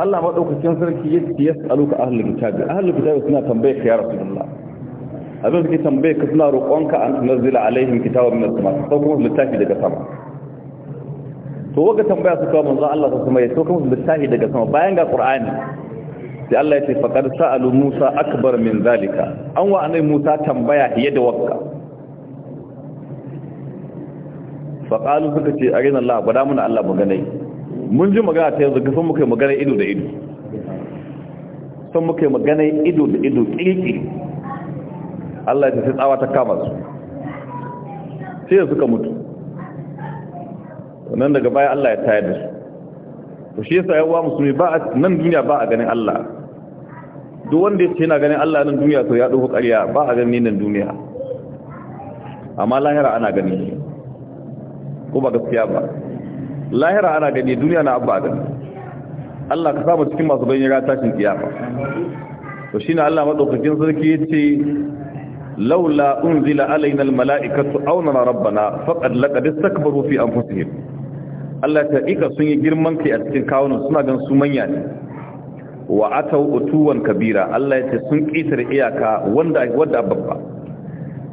Allah maɗaukacin sarki ya yi tsaro ka ahalin kitabi, ahalin kitabi suna tambaye ka ya rasu abin suke tambaye ka suna roƙonka an tunazzila alaihim kitabun min as-sama ko kuma littafi daga sama to waka tambaya su kawo manzo Allah sallallahu alaihi wasallam ya sauka musu littafi daga sama bayan ga Qur'ani sai Allah ya ce faqad sa'alu Musa akbar min zalika an wa annabi Musa tambaya yadda da wakka faqalu suka ce arina Allah gwada mana Allah maganai mun ji magana ta yanzu gafin muka yi magana ido da ido sun muka yi magana ido da ido kirkiri Allah ya sai tsawa ta kama su sai suka mutu nan daga baya Allah ya tayar da su to shi yasa yawa musulmi ba nan duniya ba a ganin Allah duk wanda yake yana ganin Allah nan duniya to ya dauko ƙarya ba a ganin nan duniya amma lahira ana gani ko ba gaskiya ba lahira ana gani duniya na abba gani Allah ka samu cikin masu bayyana tashin kiyama to shine Allah madaukakin sarki yace laula unzila alaina almala'ikatu aw nara rabbana faqad laqad istakbaru fi anfusihim Allah ta ika sun yi girman kai a cikin kawunan suna gan su manya ne wa atau utuwan kabira Allah ya ce sun ƙetare iyaka wanda wanda babba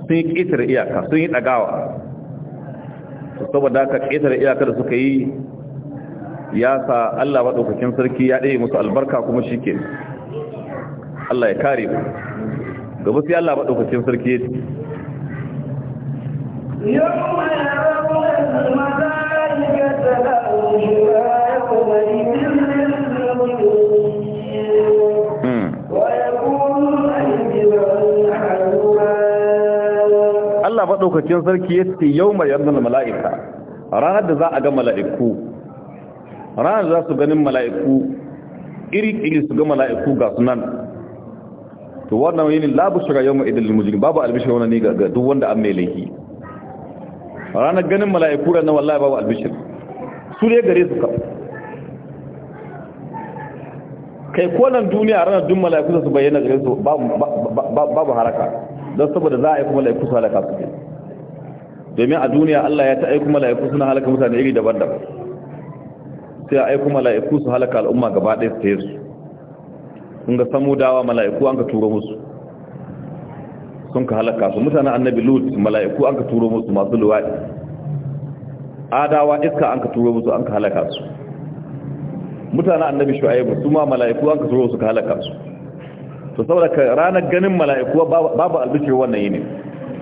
sun yi ƙetare iyaka sun yi dagawa saboda ka ƙetare iyaka da suka yi ya sa Allah madaukakin sarki ya ɗaya musu albarka kuma shike Allah ya kare mu gaba sai Allah maɗaukacin sarki ya ce يوم يرون Allah maɗaukakin sarki ya ce yau mai yanzu mala'ika ranar da za a ga mala'iku ranar da za su ganin mala'iku iri-iri su ga mala'iku ga sunan to wannan yinin labu shiga yau ma'idin lilmujin babu albishir wani ne ga duk wanda an mai laifi ranar ganin mala'iku ranar wallahi babu albishir su ne gare su ka kai konan duniya ranar dun mala'iku su bayyana gare su babu haraka don saboda za a aiki mala'iku su halaka su domin a duniya Allah ya ta aiki mala'iku suna halaka mutane iri daban-daban sai a aiki mala'iku su halaka al'umma gaba ɗaya su ta yi su kun ga samudawa mala'iku an ka turo musu sun ka halaka su mutanen annabi lut mala'iku an ka turo musu masu luwaɗi adawa iska an ka turo musu an ka halaka su mutanen annabi shu'aibu su ma mala'iku an ka turo su ka halaka su to saboda ka ranar ganin mala'iku babu albishir wannan yini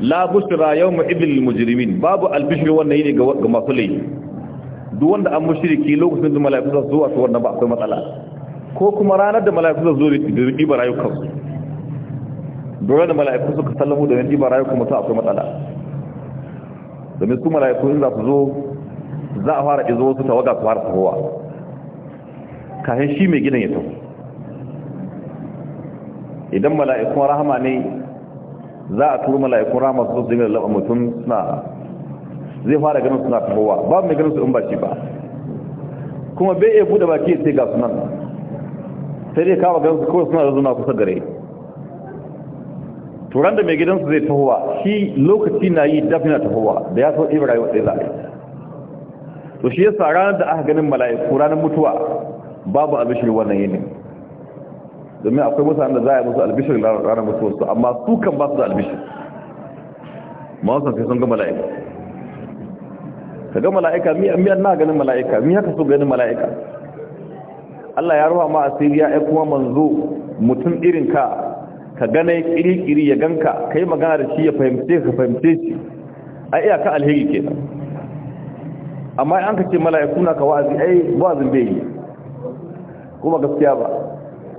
la bushra yawma ibil mujrimin babu albishir wannan yini ga masu laifi duk wanda an mushriki lokacin da mala'iku za su zo a wannan ba akwai matsala ko kuma ranar da mala'iku za zo da riba su dole da mala'iku suka sallamu da riba rayukan mutum akwai matsala domin su mala'iku in za su zo za a fara izo su tawaga su fara tahowa kafin shi mai gidan ya tafi. idan mala'ikun rahama ne za a turu mala'ikun rahama su zai mai laɓa mutum suna zai fara ganin suna tahowa ba mai ganin su in ba shi ba kuma bai iya buɗe baki sai ga sunan sai dai kawo gansu kawai suna zuna kusa gare turan da mai gidansu zai tahowa shi lokaci na yi dafina tahowa da ya sau ibrahim wadda za a yi to shi yasa ranar da aka ganin mala'iku ranar mutuwa babu albishir wannan yini domin akwai mutane da za a yi musu albishir ranar su amma su kan ba su da albishir mawasan sai sun ga mala'ika ka ga mala'ika miyan na ganin mala'ika miyan ka so ganin mala'ika Allah ya ruwa ma asiri ya kuma manzo mutum irin ka ka gane kiri-kiri ya ganka ka yi magana da shi ya fahimce ka fahimce shi a iyaka alheri nan amma an ka ce mala'iku na ka wa'azi ai wa'azin bai yi kuma gaskiya ba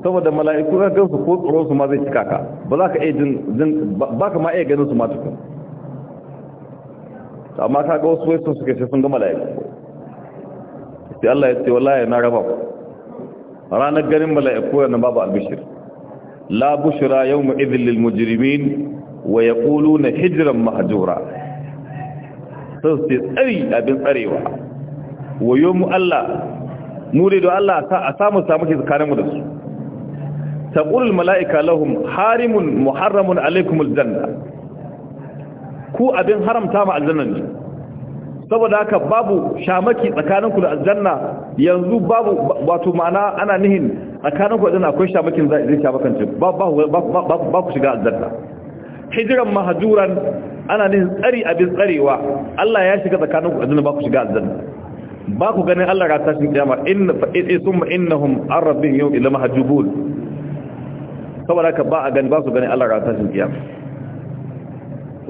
saboda mala'iku na gan su ko tsoron su ma zai cika ka ba za ka iya jin ba ka ma iya ganin su ma tukun amma ka ga wasu wai sun suke sai sun ga mala'iku sai Allah ya ce wallahi na raba ku ranar ganin mala'iku yana babu albishir la bushra yawma idhil lil mujrimin na hijiran mahajura. mahjura sai tsari abin tsarewa wayo mu Allah mu da Allah a samu samun shi tsakaninmu da su taqulul mala'ika lahum harimun muharramun alaykumul janna ku abin haramta ma aljanna ne saboda haka babu shamaki tsakaninku da aljanna yanzu babu wato ma'ana ana nihin tsakaninku da akwai shamakin zai shamakance ba ku shiga aljanna hijiran mahajuran ana nihin tsari abin tsarewa Allah ya shiga tsakaninku aljanna ba ku shiga aljanna ba ku ganin Allah ra tashin kiyama inna fa isum innahum arabin yau ila mahjubun saboda haka ba a gani ba su ganin Allah ra tashin kiyama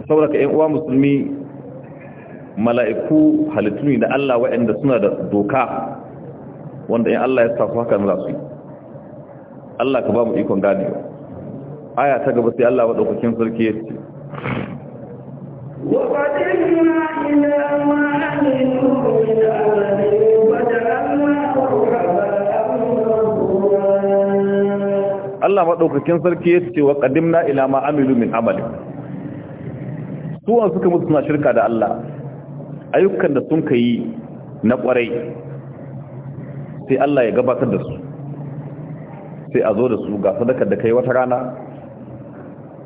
saboda ka ƴan uwa musulmi mala'iku halittu ne da Allah waɗanda suna da doka wanda in Allah ya safa haka za su yi Allah ka ba mu ikon ganewa aya ta gaba sai Allah maɗaukakin sarki ya ce وَقَدِمْنَا إِلَى مَا عَمِلُوا مِنْ عَمَلٍ Allah maɗaukakin sarki ya ce wa na ila ma amilu min amali suwan suka mutu suna shirka da Allah ayyukan da sun kai na kwarai sai Allah ya gabatar da su sai a zo da su ga sadakar da kai wata rana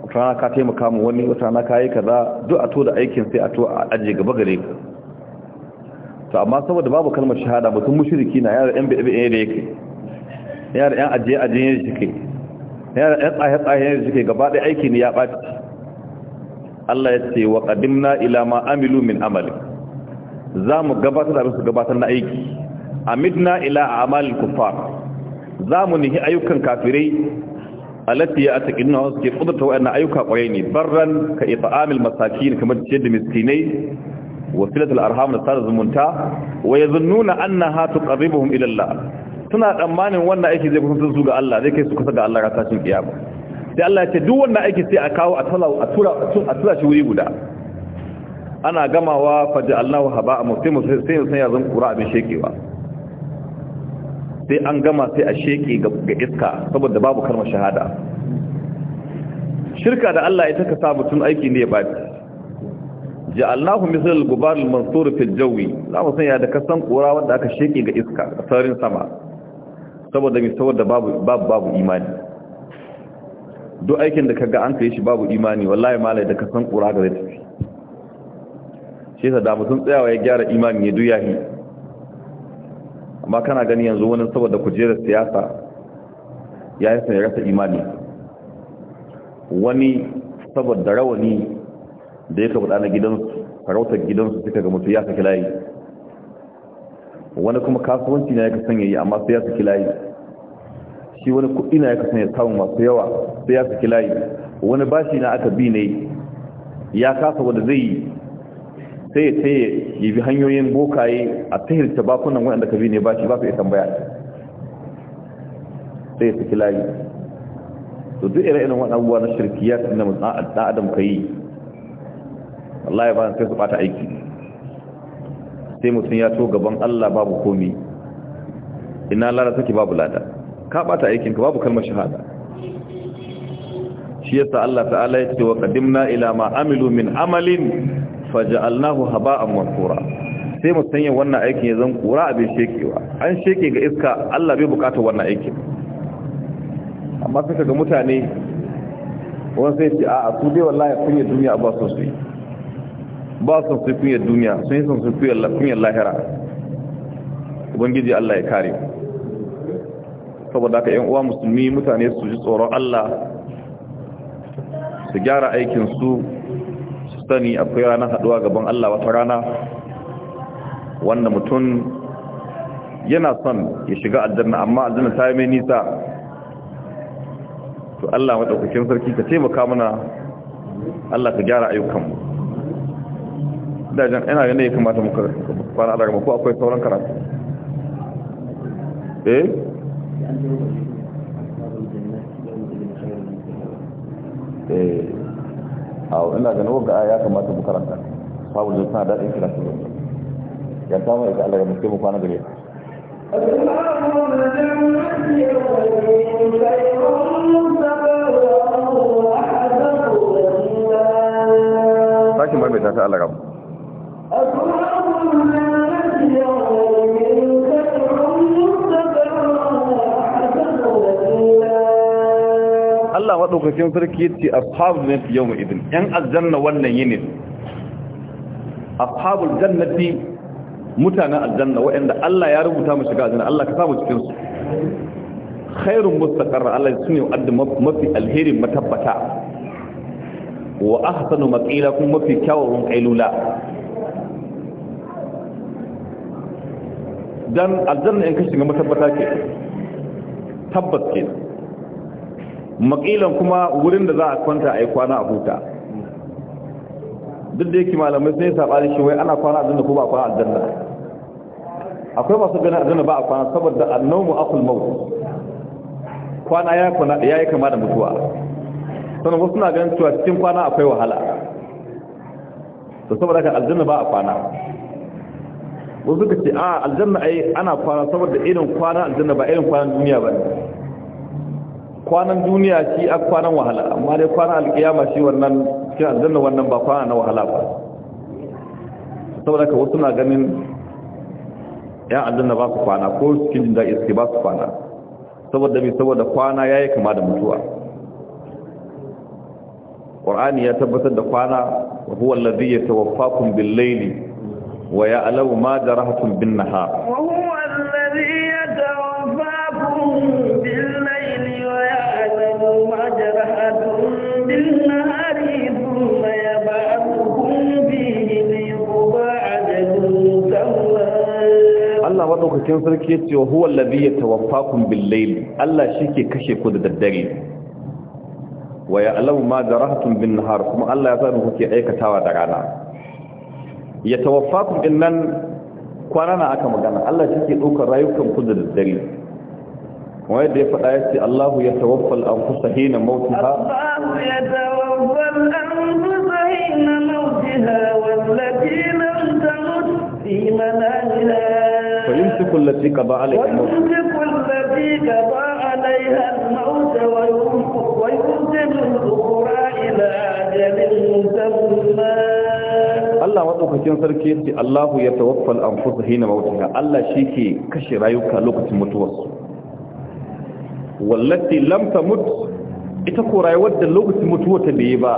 wata rana ka taimaka mu wani wata rana ka yi kaza duk a to da aikin sai a to a aje gaba gare ku to amma saboda babu kalmar shahada mutum mushriki na yara yan bi'e da yake yara yan ajiye ajiye ne shike yara yan tsaye tsaye ne shike gaba ɗaya aiki ne ya ɓaci Allah ya ce wa qadimna ila ma amilu min amali za mu gabatar da su gabatar na aiki a midna ila a amalin kufar za mu nihi ayyukan kafirai alati ya ataki nuna wasu ke kudurta waɗannan ayyuka ƙwarai ne barran ka ifa amil masaki ne kamar ciyar da miskinai wasilat al'arham da sada zumunta wa ya zunnuna an na hatu ƙarribuhum ilallah suna tsammanin wannan aiki zai kusa su ga Allah zai kai su kusa ga Allah ga tashin kiyama sai Allah ya ce duk wannan aiki sai a kawo a tura shi wuri guda ana gamawa faji allahu haba a mutum sai yin sanya zan kura abin shekewa sai an gama sai a sheke ga iska saboda babu karma shahada shirka da allah ya taka sa mutum aiki ne ya bati Allahu misal al-gubar al-mansur fi al-jawi mu sanya da kasan kura wanda aka sheke ga iska a sararin sama saboda mi saboda babu babu babu imani duk aikin da kaga an kai shi babu imani wallahi malai da kasan kura ga zai tafi shi yasa da mutum tsayawa ya gyara imanin ya duyahi amma kana gani yanzu wani saboda kujerar siyasa ya yi sanya rasa imani wani saboda rawani da ya kabuɗa na gidansu farautar gidansu suka ga mutu ya saki layi wani kuma kasuwanci na ya kasan yayi amma sai ya saki layi shi wani kuɗi na ya kasan ya samu masu yawa sai ya saki layi wani bashi na aka bi ne ya kasa wanda zai yi sai ya tsaye ya bi hanyoyin bokaye a tahirta bakunan waɗanda ka bi ne ba shi ba su iya tambaya sai ya saki layi to duk irin irin waɗanda abubuwa na shirkiyar na ɗan adam ka yi Allah ya ba sai su ɓata aiki sai mutum ya to gaban Allah babu komi ina lara suke babu lada ka ɓata aikinka babu kalmar shahada shi yasa Allah ta'ala ya ce wa qadimna ila ma amilu min amalin faja'alnahu haba'an mansura sai mu sanya wannan aikin ya zan kura abin shekewa an sheke ga iska Allah bai bukata wannan aikin amma sai ga mutane wani sai ce a su dai wallahi yi duniya ba su su ba su su kunyar duniya sun yi sun su kunyar lahira ubangiji Allah ya kare saboda haka yan uwa musulmi mutane su ji tsoron Allah su gyara aikin su sani akwai ranar haduwa gaban Allah wata rana wanda mutum yana son ya shiga aljanna amma aljanna ta yi mai nisa to Allah maɗaukakin sarki ka taimaka mana Allah ka gyara ayyukanmu dajan ina yanayi kamata muka kwana daga ko akwai sauran karatu eh eh hau ina ganin wanda ya kamata mu karanta babu da tana daɗin kira su ya samu ita Allah ya mutu mu kwana gare Sashin mai mai ta ta Allah rabu. maɗaukacin sarki yace ashabul jannati yawma idin yan aljanna wannan yini ashabul jannati mutanen aljanna waɗanda Allah ya rubuta mu shiga aljanna Allah ka samu cikin su khairun mustaqarra Allah sune wadda mafi alherin matabbata wa ahsanu maqila kuma mafi kyawawan kailula dan aljanna in ka shiga matabbata ke tabbas ke. makilan kuma wurin da za a kwanta a yi kwana a huta duk da yake malamai sai saɓari shi wai ana kwana a janna ko ba a kwana a janna akwai masu gani a janna ba a kwana saboda annomu akul maut kwana ya kwana ya yi kama da mutuwa sannan wasu na ganin cewa cikin kwana akwai wahala to saboda ka aljanna ba a kwana wasu ka ce a aljanna ai ana kwana saboda irin kwana aljanna ba irin kwana duniya ba ne kwanan duniya shi a kwanan wahala amma dai kwanan alƙiyama shi wannan shi aljanna wannan ba kwana na wahala ba saboda ka wasu na ganin yan aljanna ba su kwana ko cikin jin daɗi suke ba su kwana saboda mai saboda kwana ya yi kama da mutuwa ƙwar'ani ya tabbatar da kwana wa huwa ladhi yatawaffakum bin layli wa ya'lamu ma jarahatum bin-nahar madaukakin sarki yace wa huwa ya yatawaffakum bil layl Allah shike kashe ku da daddare wa ya'lamu ma jarahtum bin nahar kuma Allah ya san kuke aikatawa da rana yatawaffakum innan kwana na aka magana Allah shike ɗaukar rayukan ku da daddare yadda ya faɗa yace Allahu yatawaffal anfusa hina mautaha Allahu ويمسك التي قضى عليها الموت ويمسك التي قضى عليها الموت ويرسل الأخرى إلى أجل مسمى Allah maɗaukakin sarki yace Allahu ya tawaffal anfus hina mautiha Allah shi ke kashe rayuka lokacin mutuwarsu wallati lamta tamut ita ko rayuwar da lokacin ta bai ba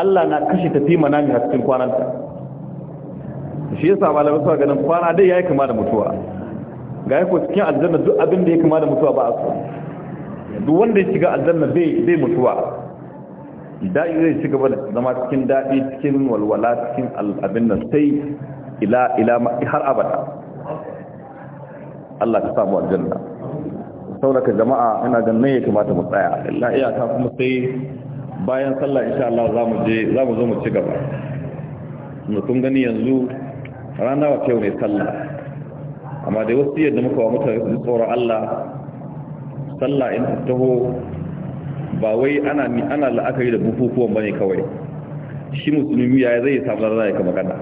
Allah na kashe ta fi manami cikin kwananta shi yasa malamai suka ganin kwana dai yayi kama da mutuwa ga yako cikin aljanna duk abin da ya kama da mutuwa ba a so duk wanda ya shiga aljanna bai bai mutuwa da'i zai shiga ba zama cikin daɗi cikin walwala cikin abin nan sai ila ila har abada Allah ta samu aljanna saboda jama'a ina ganin yake kamata mu tsaya illa ta kuma sai bayan sallah insha Allah za mu je zamu zo mu ci gaba mutum kun gani yanzu rana wa kyau ne sallah amma da wasu yadda muka wa mutane su tsoron Allah sallah in su taho ba wai ana ana la'akari da bukukuwan bane kawai shi musulmi ya zai samu rana ya kama kana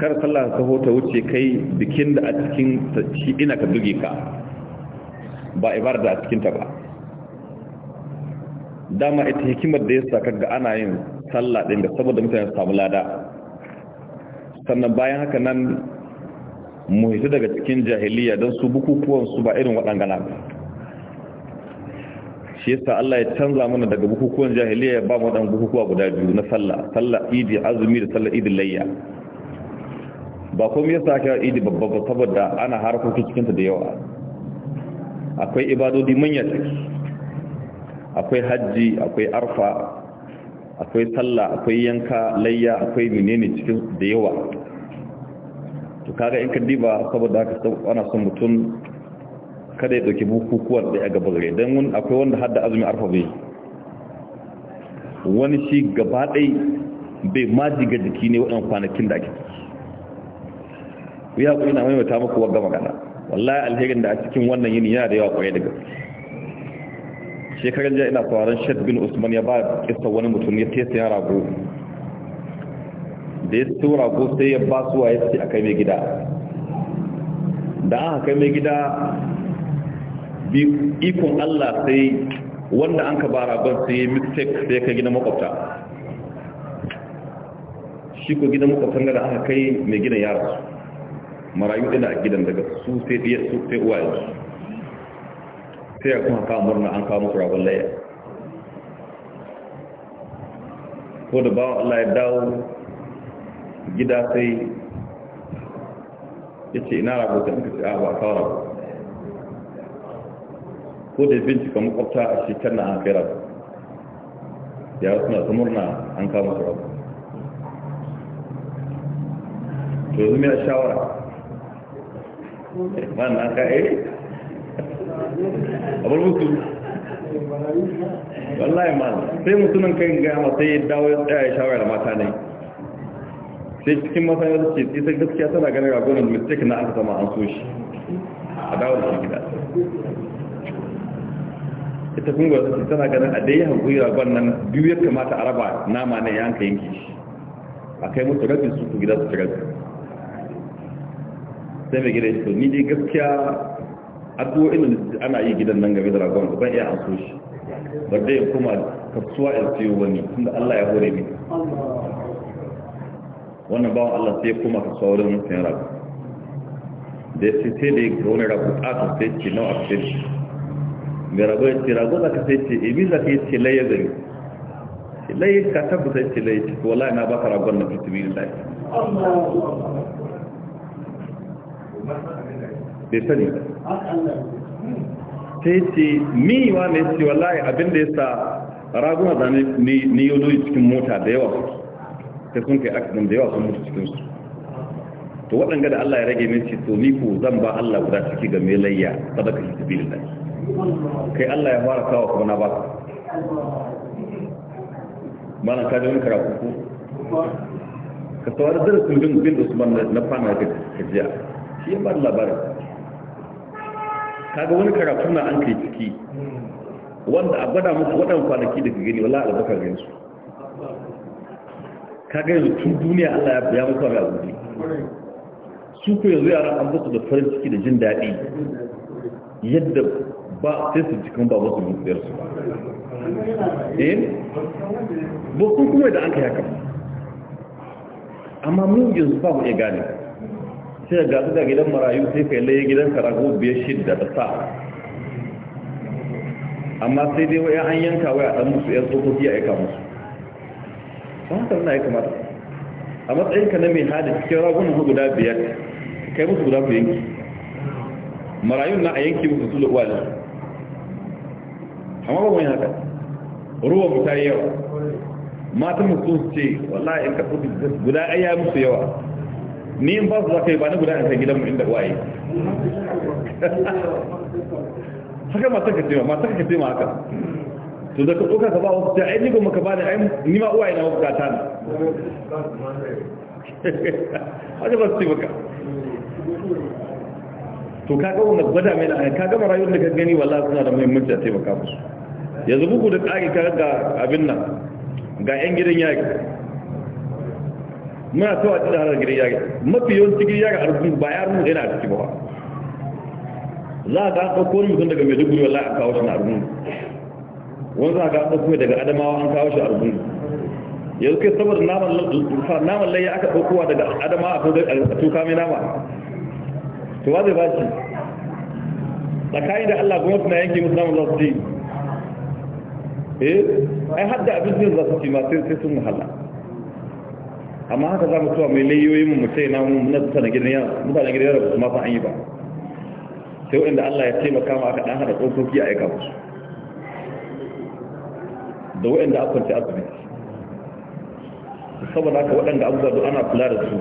kar sallah ta taho ta wuce kai bikin da a cikin shi ina ka duge ka ba ibar da a cikin ta ba dama ita hikimar da ya saka ga ana yin sallah din da saboda mutane su samu lada sannan bayan haka nan mu hita daga cikin jahiliya don su bukukuwan su ba irin waɗangana ba shi yasa Allah ya canza mana daga bukukuwan jahiliya ya ba mu waɗanda bukukuwa guda biyu na sallah sallah idi azumi da sallah idi layya ba kuma yasa aka idi babba ba saboda ana harkoki cikin da yawa akwai ibadodi manya ciki akwai hajji akwai arfa akwai sallah akwai yanka layya akwai menene cikin da yawa to kaga in ka diba saboda haka ana son mutum kada ya dauki bukukuwan da ya gaba gare don wani akwai wanda hadda azumi arfa bai wani shi gaba dai bai ga jiki ne waɗannan kwanakin da ake ciki ya ƙuri na mai muku wa gama gana wallahi alherin da a cikin wannan yini yana da yawa ƙwaye daga. gaske shekarun jiya ina sauraron shed bin usman ya ba kisa wani mutum ya tesa ya rago da ya so rago sai ya ba suwa ya ce a kai mai gida da aka yi mai gida ikon allah sai wanda an ka ba ragon sai ya mistake sai ya kai gina makwabta shi ko gina makwabta da aka kai mai gina yara marayu ina a gidan daga su sai ɗiyar su sai uwa su sai ya kuma kawo murna an kawo musu rabon layya ko da bawan Allah ya dawo gida sai ya ce ina rabo ta muka ce ah, a kawo rabu ko da bincika makwabta a shekar na an kai rabu ya wasu na murna an kawo musu rabu to yanzu mai shawara wannan ka eh a bar musu wallahi ma sai mutumin kan gama sai yi dawo ya tsaya ya shawara da mata ne sai cikin mata ya ce isa gaskiya tana ganin ragonin mistake na aka sama an so shi a dawo da shi gida ita kun gwada su tana ganin a dai hankuri ragon nan biyu ya kamata a raba nama na yanka yanki shi a kai musu rabin su ku gida su ci rabin sai mai gida shi ni dai gaskiya addu'o'in da ana yi gidan nan game da ragon ba ban iya an so shi ba dai kuma kasuwa in siyo wani tunda Allah ya hore mini wannan bawan Allah sai kuma kasuwa wurin sayan ragon da sai sai da ga wani rago ƙasa sai ce nawa a sai shi mai rago ya ce rago za ka sai ce ibi za ka yi ce laye gari ce laye ka tabbata ce laye ce ko wallahi na baka ragon na fitibi da lafiya bai sani yi ce miwa ne ce wallahi abinda ya sa raguna da yi odoyi cikin mota da yawa ta sun kai accident da yawa sun mutu cikinsu to waɗanga da Allah ya rage min ce to ni ko zan ba Allah guda ciki ga melayya sadaka shi tabi da kai Allah ya fara kawo kuma na ba ka ba na kaji wani kara kuku ka saurari darasin bin bin Usman na fana ka jiya shi ya ba labarin kaga wani karatu na an kai ciki wanda a gwada musu waɗannan kwanaki daga gani wala albakar gani su kaga yanzu tun duniya Allah ya biya muku ga abuji su ku yanzu yaran an basu da farin ciki da jin daɗi yadda ba sai su cikin ba wasu mutsiyar su eh ba kuma da an kai haka amma mun yanzu ba mu iya gane sai ga su da gidan marayu sai kai laye gidan karago biyar shidda da sa amma sai dai waya an yanka waya dan musu yan tsokoki a aika musu ba haka na ya mata a matsayin ka na mai hada cikin ragunan su guda biyar kai musu guda ku yanki marayun na a yanki musu su lu'uwa ne amma ba wani haka ruwan mu ta yi yawa matan musu ce wallahi in ka guda ayya musu yawa ni in ba su za ka yi ba ni guda in kai gidanmu inda waye haka masu ka tema masu ka tema haka to da ka tsoka ka ba wasu ta ai nigon ka bani ai ni ma uwaye na wasu ka tana haka ba su ce ka to ka ga wannan gwada mai na, ka gama rayuwar da ka gani wallahi suna da muhimmanci a taimaka musu yanzu buku da ƙari ka ga abin nan ga 'yan gidan yaki. muna so a cikin harar gidan ga mafi yawan cikin yari ga rukun ba yaran mu yana a ciki ba za a ga an wani mutum daga maiduguri wallahi an kawo shi na argungu wani za a ga an daga adamawa an kawo shi argungu yanzu kai saboda naman layi aka ɗaukowa daga adama a tuka mai nama to ba zai ba shi da allah kuma suna yanke musu naman za su ci eh ai hadda abincin za su ci ma sai sun wahala amma haka za mu tuwa mai layoyin mu sai na mu na mutanen gidan yana da gidan ya kuma fa an yi ba sai wanda Allah ya taimaka ma aka dan hada tsokoki a aika musu da wanda aka kwanta asibiti saboda haka waɗanda abuwa da ana kula da su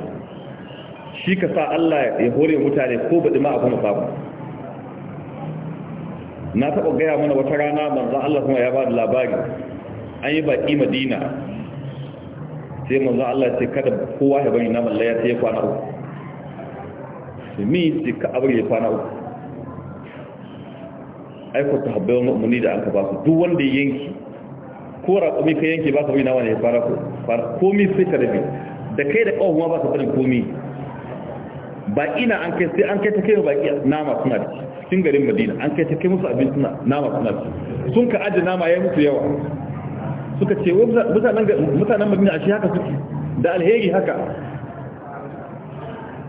shi ka sa Allah ya hore mutane ko ba dima abin ba na taɓa gaya mana wata rana manzan Allah kuma ya ba da labari an yi baƙi madina sai manzo Allah ce kada kowa ya bari naman laya sai ya kwana uku su mi ce ka abu ya kwana uku aiko ta wani umarni da an ba su duk wanda ya yanki ko raƙumi ka yanki ba ka bari naman ya fara komi sai ka rabe da kai da ƙawon ma ba ka bari komi Ba ina an kai sai an kai ta kai baƙi nama suna da cikin garin madina an kai ta kai musu abin suna nama suna da sun ka aji nama ya mutu yawa suka ce mutanen madina a shi haka suke da alheri haka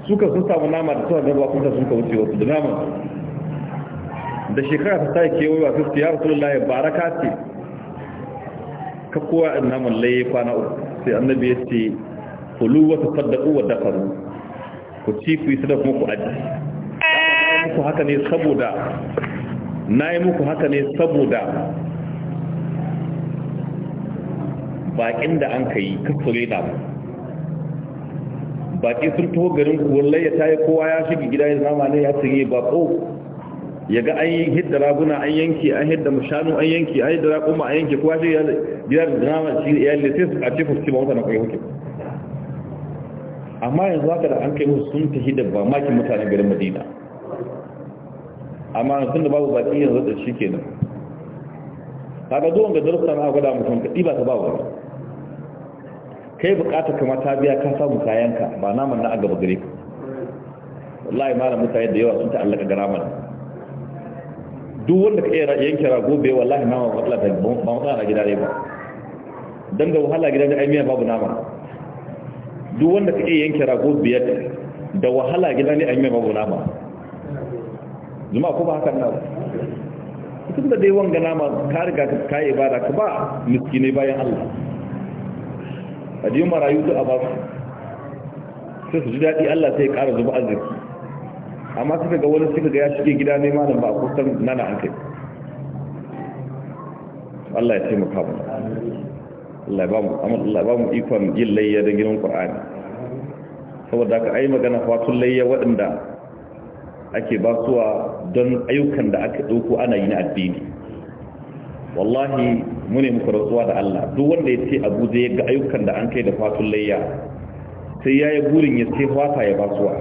suka sun samu nama da suna gaba kuma suka wuce wasu da nama da shekara ta sai kewaye wa suke ya rasu lullahi baraka ce ka kowa in naman laye kwana uku sai annabi ya ce kulu wata saddaku wa dafaru ku ci ku yi sadar muku aji haka ne saboda na yi muku haka ne saboda baƙin da an ka yi kakkure na baki sun taho garin kuwallai ya yi kowa ya shiga gida ya zama ne ya tsaye ko ya ga an yi hidda raguna an yanki an hidda mashanu an yanki an hidda raguna an yanki kowa shi gida da zama shi ya lese su a cikin su ba na kwaye hukin amma yanzu haka da an kai musu sun tafi da ba makin mutane garin madina amma sun da babu bakin yanzu da shi kenan kaga zuwan ga darussa na gwada mutum ka ɗiba ta babu kai bukata kama ta biya ka samu kayanka ba naman na a gaba gare ka wallahi malam mutane da yawa sun ta'allaka ga naman duk wanda ka iya yanke rago bai wallahi naman ba matsala ba matsala gida ne ba Don ga wahala gida da aimiyar babu naman duk wanda ka iya yanke rago biyar da wahala gida ne aimiyar babu naman zuma ko ba haka na ba tun da dai wanga nama ka riga ka kai ibada ka ba miskinai bayan Allah a ji marayu duk a ba su sai su ji daɗi Allah sai ya ƙara zuba arziki amma suka ga wani suka ga ya shige gida ne malam ba a kusan nana an kai Allah ya taimaka mu Allah ba mu amma Allah ba mu ikon yin layya da girin Qur'ani saboda ka ai magana fatun layya waɗanda ake basuwa don ayyukan da aka ɗauko ana yi na addini wallahi mu ne muka rantsuwa da Allah duk wanda ya ce abuja ya ga ayyukan da an kai da fatun layya sai ya yi burin ya ce fata ya basuwa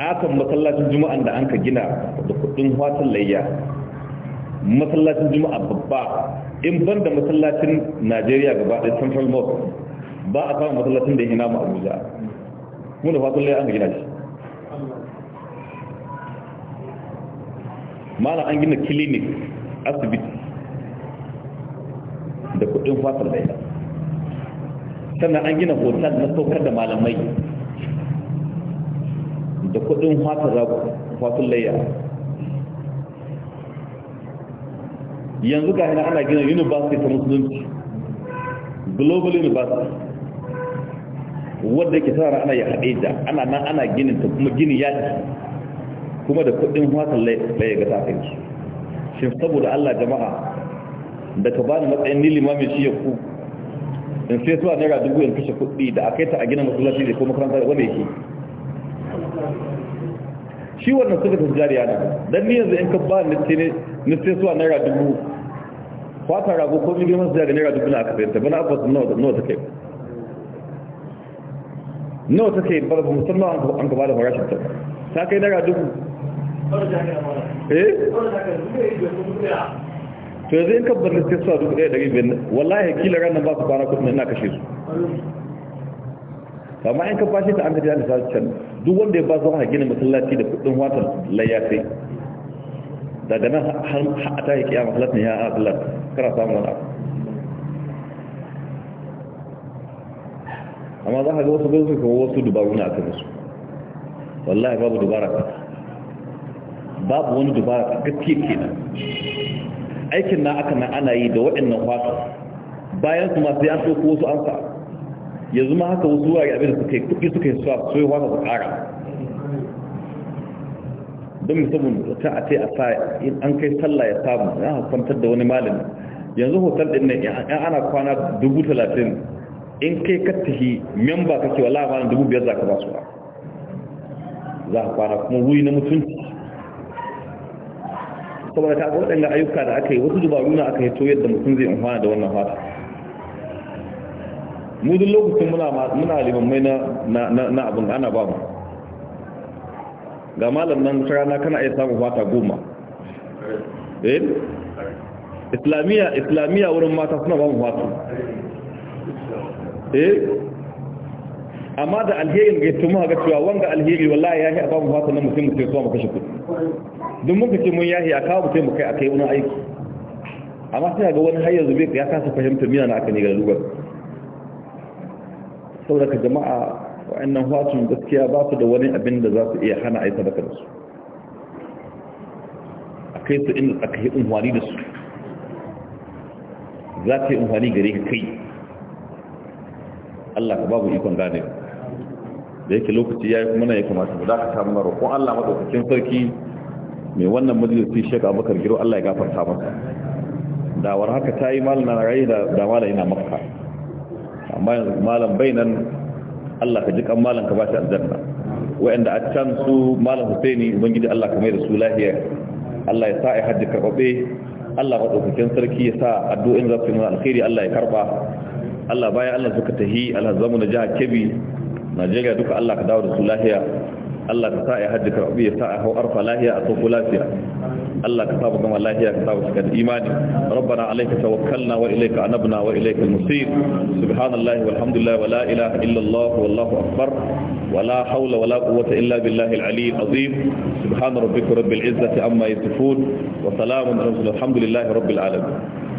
Ƙaton masallacin juma'an da an ka gina da kudin fatun layya masallacin juma'a babba in ban da masallacin najeriya gaba da central mosque ba a kawo masallacin da ya hina mu abuja mu da fatun layya an ka gina shi malam an gina clinic asibiti da kudin fatar ita sannan an gina hotel na saukar da malamai da kudin fatar laila yanzu ga hina ana gina university ta musulunci global university wadda ke tsara ana ya haɗe da ana nan ana ginin ta kuma gini yaki kuma da kudin watan laye ga takan shi shi saboda Allah jama'a da ka bani matsayin ma mai shi ya ku in sai suwa naira dubu in kashe kuɗi da aka yi ta a gina masallaci da kuma makaranta wanda yake shi wannan suka ta jariya ne don ni yanzu in ka ba na sai ni sai zuwa naira dubu fata rago ko mili masu jari naira dubu na aka fahimta bana abu wasu nawa ta kai nawa ta kai ba musamman an gaba da farashin ta ta kai naira dubu eh to yanzu in kabbar da sai duk ɗaya ɗari biyar wallahi kila ranar ba su kwana kuɗin ina kashe su amma in ka bashi ta an ka da sa can duk wanda ya ba su wani gina masallaci da kuɗin watan layya sai daga nan har a ta yi kiyar halat ya a halat kara samun wani abu amma za ka ga wasu bai kuma wasu dubaru na a kan su wallahi babu dubara babu wani dubara gaske ke nan aikin na aka na ana yi da waɗannan fata bayan su masu yan ɗauko wasu sa yanzu ma haka wasu wurare abin da suka yi kuɗi suka yi suwa yi fata su ƙara don musamman da ta a ce a sa in an kai sallah ya samu ya kwantar da wani malami yanzu hotel ɗin nan yan ana kwana dubu talatin in kai kattahi memba kake wala ma dubu biyar za ka ba su ba za ka kwana kuma wuri na mutunci saboda ka ga waɗannan ayyuka da aka yi wasu dubaru na aka yi to yadda mutum zai amfana da wannan fata mu duk lokacin muna muna mai na na abin da ana ba mu ga malam nan rana kana iya samun fata goma eh islamiyya islamiyya wurin mata suna ba mu fata eh amma da alherin ga tumu ga cewa wanga alheri wallahi yi a babu fata na mutum mutum zuwa mu kashe kudi don mun kace mun yahi a kawo mutum mu kai akai wani aiki amma sai ga wani har yanzu bai ya kasa fahimta miya na aka ne ga lugar saboda ka jama'a wa'annan hwatun gaskiya ba su da wani abin da za su iya hana a yi sadaka da su a kai su inda aka yi unhwani da su za ta yi unhwani gare ka kai Allah ka babu ikon gane da yake lokaci ya yi kuma na ya kamata mu samu muna roƙon Allah madaukakin sarki mai wannan majalisi Sheikh Abubakar Giro Allah ya gafarta masa dawar haka ta yi malam na rayu da da malam yana makka amma yanzu malam bainan Allah ka ji kan malam ka ba shi aljanna wa'anda a can su malam Husaini ubangiji Allah ka mai da su lahiya Allah ya sa ai hajji karbabe Allah madaukakin sarki ya sa addu'in za su yi alkhairi Allah ya karba Allah baya Allah suka tahi alhazamu na jiha kebi. najeriya duka allah ka dawo da su lahiya allah ka sa ya hajji karɓi ya sa a hau arfa lahiya a sauko lafiya allah ka samu gama lahiya ka samu cikin imani rabbana alaika tawakkalna wa ilaika anabna wa ilaika al-musir subhanallahi walhamdulillah wa la ilaha illallah wallahu akbar wa la hawla wa la quwwata illa billahi al-ali azim subhana rabbika rabbil izzati amma yasifun wa salamun alhamdulillahi rabbil alamin